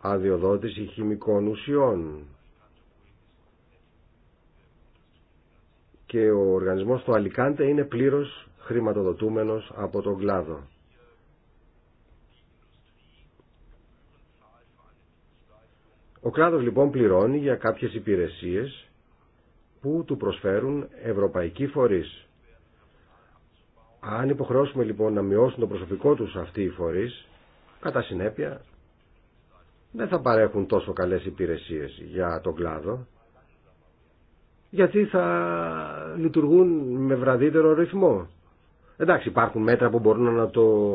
αδειοδότηση χημικών ουσιών, και ο οργανισμός του Αλικάντε είναι πλήρως χρηματοδοτούμενος από τον κλάδο. Ο κλάδος λοιπόν πληρώνει για κάποιες υπηρεσίες που του προσφέρουν ευρωπαϊκοί φορείς. Αν υποχρεώσουμε λοιπόν να μειώσουν το προσωπικό τους αυτοί οι φορείς, κατά συνέπεια δεν θα παρέχουν τόσο καλές υπηρεσίες για τον κλάδο γιατί θα λειτουργούν με βραδύτερο ρυθμό. Εντάξει, υπάρχουν μέτρα που μπορούν να το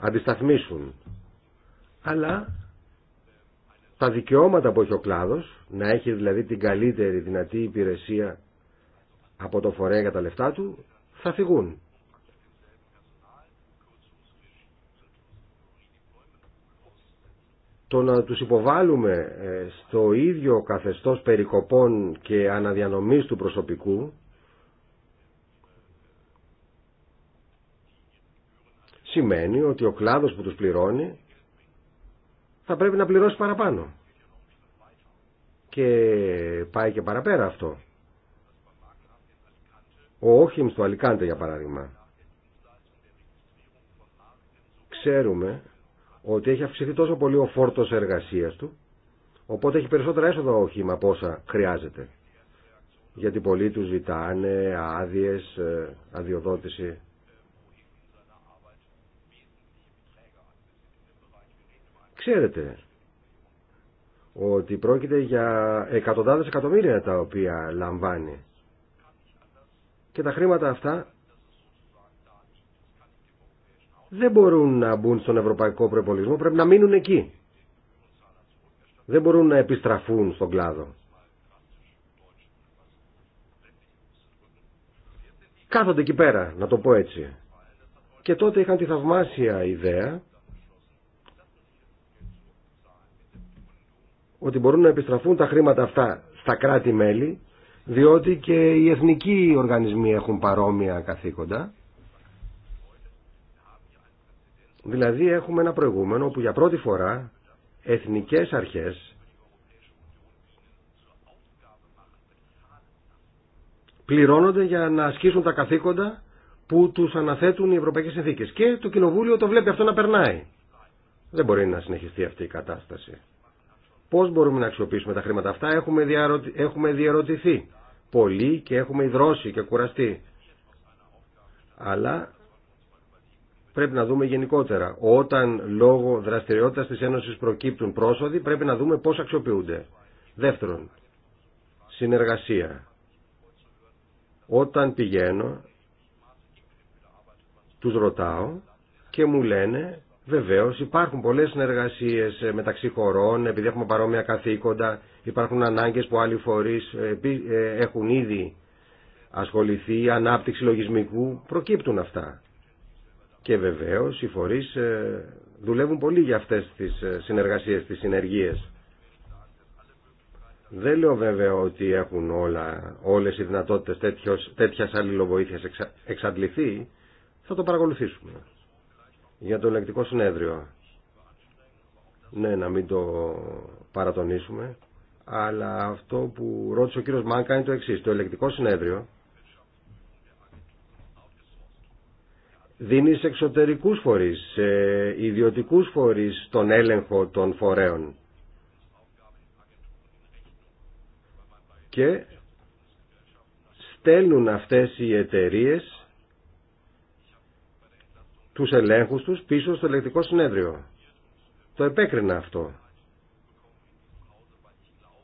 αντισταθμίσουν. Αλλά τα δικαιώματα που έχει ο κλάδος, να έχει δηλαδή την καλύτερη δυνατή υπηρεσία από το φορέα για τα λεφτά του, θα φυγούν. το να τους υποβάλουμε ε, στο ίδιο καθεστώς περικοπών και αναδιανομής του προσωπικού σημαίνει ότι ο κλάδος που τους πληρώνει θα πρέπει να πληρώσει παραπάνω. Και πάει και παραπέρα αυτό. Ο Όχιμ στο Αλικάντε για παράδειγμα. Ξέρουμε ότι έχει αυξηθεί τόσο πολύ ο φόρτος εργασίας του, οπότε έχει περισσότερα έσοδα οχήμα από όσα χρειάζεται. Γιατί πολλοί του ζητάνε άδειε, ε, αδειοδότηση. Ξέρετε ότι πρόκειται για εκατοντάδες εκατομμύρια τα οποία λαμβάνει. Και τα χρήματα αυτά δεν μπορούν να μπουν στον ευρωπαϊκό προπολογισμό, πρέπει να μείνουν εκεί. Δεν μπορούν να επιστραφούν στον κλάδο. Κάθονται εκεί πέρα, να το πω έτσι. Και τότε είχαν τη θαυμάσια ιδέα ότι μπορούν να επιστραφούν τα χρήματα αυτά στα κράτη-μέλη, διότι και οι εθνικοί οργανισμοί έχουν παρόμοια καθήκοντα Δηλαδή έχουμε ένα προηγούμενο που για πρώτη φορά εθνικές αρχές πληρώνονται για να ασκήσουν τα καθήκοντα που τους αναθέτουν οι ευρωπαϊκές συνθήκες. Και το Κοινοβούλιο το βλέπει αυτό να περνάει. Δεν μπορεί να συνεχιστεί αυτή η κατάσταση. Πώς μπορούμε να αξιοποιήσουμε τα χρήματα αυτά. Έχουμε, διαρωτη... έχουμε διαρωτηθεί πολύ και έχουμε ιδρώσει και κουραστεί. Αλλά πρέπει να δούμε γενικότερα. Όταν λόγω δραστηριότητας της Ένωσης προκύπτουν πρόσοδοι, πρέπει να δούμε πώς αξιοποιούνται. Δεύτερον, συνεργασία. Όταν πηγαίνω, τους ρωτάω και μου λένε Βεβαίω, υπάρχουν πολλέ συνεργασίε ε, μεταξύ χωρών, επειδή έχουμε παρόμοια καθήκοντα, υπάρχουν ανάγκε που άλλοι φορεί ε, ε, έχουν ήδη ασχοληθεί, ανάπτυξη λογισμικού, προκύπτουν αυτά. Και βεβαίως οι φορείς ε, δουλεύουν πολύ για αυτές τις ε, συνεργασίες, τις συνεργίες. Δεν λέω βέβαια ότι έχουν όλα, όλες οι δυνατότητες τέτοιος, τέτοιας αλληλοβοήθειας εξαντληθεί. Θα το παρακολουθήσουμε. Για το ελεκτικό συνέδριο. Ναι, να μην το παρατονίσουμε. Αλλά αυτό που ρώτησε ο κύριος Μάνκα είναι το εξής. Το ελεκτικό συνέδριο δίνει σε εξωτερικούς φορείς, σε ιδιωτικούς φορείς τον έλεγχο των φορέων. Και στέλνουν αυτές οι εταιρείες τους ελέγχους τους πίσω στο ελεκτικό συνέδριο. Το επέκρινα αυτό.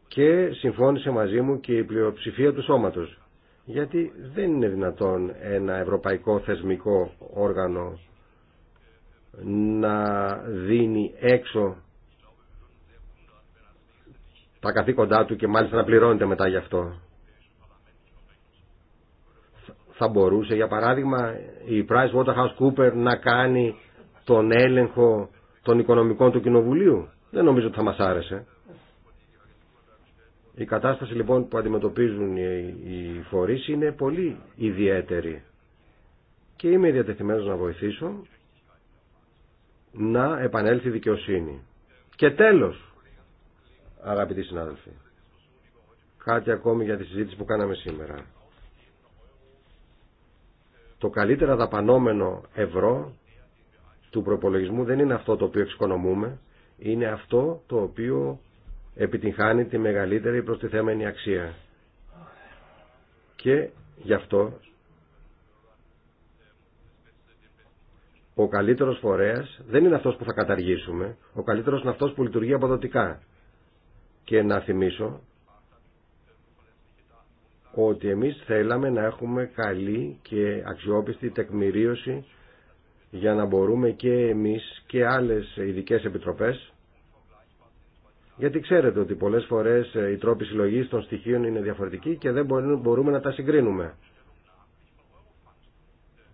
Και συμφώνησε μαζί μου και η πλειοψηφία του σώματος γιατί δεν είναι δυνατόν ένα ευρωπαϊκό θεσμικό όργανο να δίνει έξω τα καθήκοντά του και μάλιστα να πληρώνεται μετά γι' αυτό. Θα μπορούσε για παράδειγμα η PricewaterhouseCooper να κάνει τον έλεγχο των οικονομικών του κοινοβουλίου. Δεν νομίζω ότι θα μας άρεσε. Η κατάσταση λοιπόν που αντιμετωπίζουν οι φορείς είναι πολύ ιδιαίτερη και είμαι διατεθειμένος να βοηθήσω να επανέλθει η δικαιοσύνη. Και τέλος, αγαπητοί συνάδελφοι, κάτι ακόμη για τη συζήτηση που κάναμε σήμερα. Το καλύτερα δαπανόμενο ευρώ του προπολογισμού δεν είναι αυτό το οποίο εξοικονομούμε, είναι αυτό το οποίο επιτυγχάνει τη μεγαλύτερη προστιθέμενη αξία. Και γι' αυτό ο καλύτερος φορέας δεν είναι αυτός που θα καταργήσουμε, ο καλύτερος είναι αυτός που λειτουργεί αποδοτικά. Και να θυμίσω ότι εμείς θέλαμε να έχουμε καλή και αξιόπιστη τεκμηρίωση για να μπορούμε και εμείς και άλλες ειδικές επιτροπές γιατί ξέρετε ότι πολλές φορές ε, οι τρόποι συλλογή των στοιχείων είναι διαφορετικοί και δεν μπορούμε να τα συγκρίνουμε.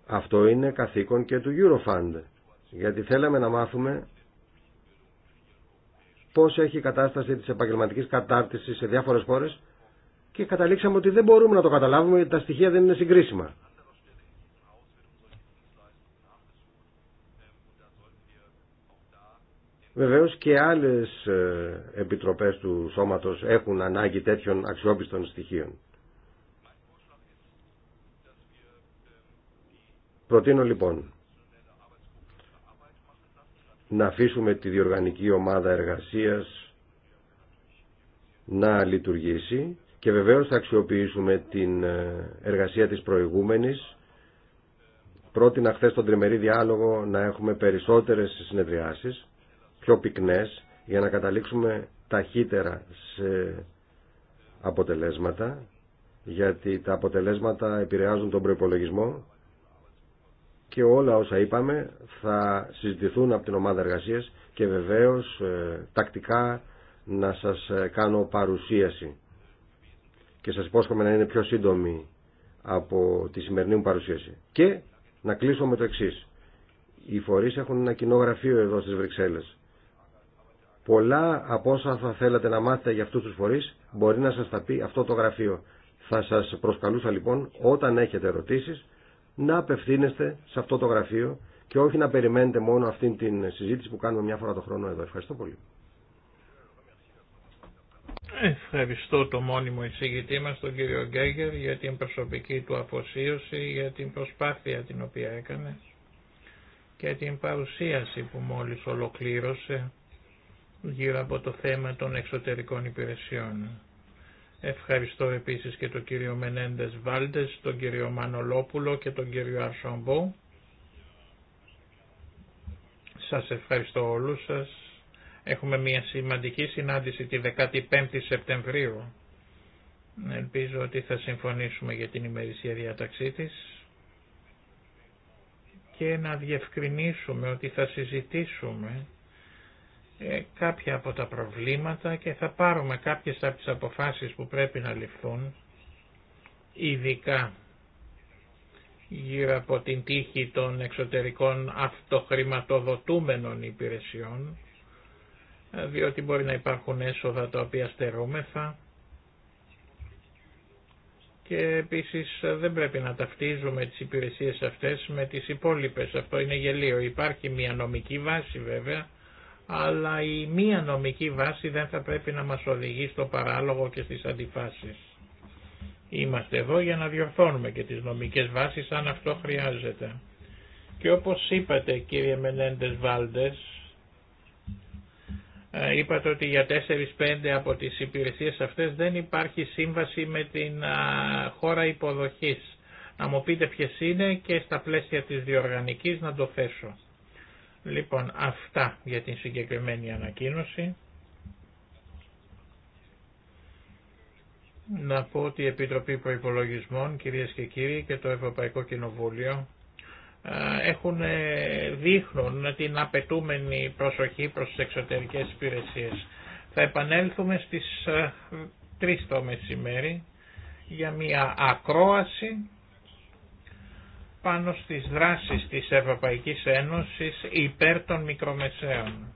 Αυτό είναι καθήκον και του Eurofund. Γιατί θέλαμε να μάθουμε πώς έχει η κατάσταση της επαγγελματικής κατάρτισης σε διάφορες χώρες και καταλήξαμε ότι δεν μπορούμε να το καταλάβουμε γιατί τα στοιχεία δεν είναι συγκρίσιμα. Βεβαίως και άλλες ε, επιτροπές του σώματος έχουν ανάγκη τέτοιων αξιόπιστων στοιχείων. Προτείνω λοιπόν να αφήσουμε τη διοργανική ομάδα εργασίας να λειτουργήσει και βεβαίως θα αξιοποιήσουμε την ε, εργασία της προηγούμενης. Πρότεινα χθε τον τριμερή διάλογο να έχουμε περισσότερες συνεδριάσεις πιο πυκνές για να καταλήξουμε ταχύτερα σε αποτελέσματα γιατί τα αποτελέσματα επηρεάζουν τον προϋπολογισμό και όλα όσα είπαμε θα συζητηθούν από την ομάδα εργασίας και βεβαίως ε, τακτικά να σας ε, κάνω παρουσίαση και σας υπόσχομαι να είναι πιο σύντομη από τη σημερινή μου παρουσίαση. Και να κλείσω με το εξής. Οι φορείς έχουν ένα κοινό γραφείο εδώ στις Βρυξέλλες Πολλά από όσα θα θέλατε να μάθετε για αυτού του φορεί μπορεί να σα τα πει αυτό το γραφείο. Θα σα προσκαλούσα λοιπόν όταν έχετε ερωτήσει, να απευθύνεστε σε αυτό το γραφείο και όχι να περιμένετε μόνο αυτή την συζήτηση που κάνουμε μια φορά το χρόνο εδώ. Ευχαριστώ πολύ. Ευχαριστώ το μόνιμο εισηγητή μας τον κύριο Γκέγκερ για την προσωπική του αφοσίωση, για την προσπάθεια την οποία έκανε και την παρουσίαση που μόλις ολοκλήρωσε γύρω από το θέμα των εξωτερικών υπηρεσιών. Ευχαριστώ επίσης και τον κύριο Μενέντες Βάλτες, τον κύριο Μανολόπουλο και τον κύριο Αρσομπό. Σας ευχαριστώ όλους σας. Έχουμε μια σημαντική συνάντηση τη 15η Σεπτεμβρίου. Ελπίζω ότι θα συμφωνήσουμε για την ημερησία διάταξή της και να διευκρινίσουμε ότι θα συζητήσουμε ε, κάποια από τα προβλήματα και θα πάρουμε κάποιες από τις αποφάσεις που πρέπει να ληφθούν, ειδικά γύρω από την τύχη των εξωτερικών αυτοχρηματοδοτούμενων υπηρεσιών, ε, διότι μπορεί να υπάρχουν έσοδα τα οποία στερούμεθα και επίσης ε, δεν πρέπει να ταυτίζουμε τις υπηρεσίες αυτές με τις υπόλοιπες. Αυτό είναι γελίο. Υπάρχει μια νομική βάση βέβαια, αλλά η μία νομική βάση δεν θα πρέπει να μας οδηγεί στο παράλογο και στις αντιφάσεις. Είμαστε εδώ για να διορθώνουμε και τις νομικές βάσεις αν αυτό χρειάζεται. Και όπως είπατε κύριε Μενέντες Βάλντες, ε, είπατε ότι για 4-5 από τις υπηρεσίες αυτές δεν υπάρχει σύμβαση με την χώρα υποδοχής. Να μου πείτε ποιες είναι και στα πλαίσια της διοργανικής να το θέσω. Λοιπόν, αυτά για την συγκεκριμένη ανακοίνωση. Να πω ότι η Επιτροπή Προϋπολογισμών, κυρίες και κύριοι, και το Ευρωπαϊκό Κοινοβούλιο έχουν ε, δείχνουν την απαιτούμενη προσοχή προς τις εξωτερικές υπηρεσίες. Θα επανέλθουμε στις 3 ε, το μεσημέρι για μια ακρόαση πάνω στις δράσεις της Ευρωπαϊκής Ένωσης υπέρ των μικρομεσαίων.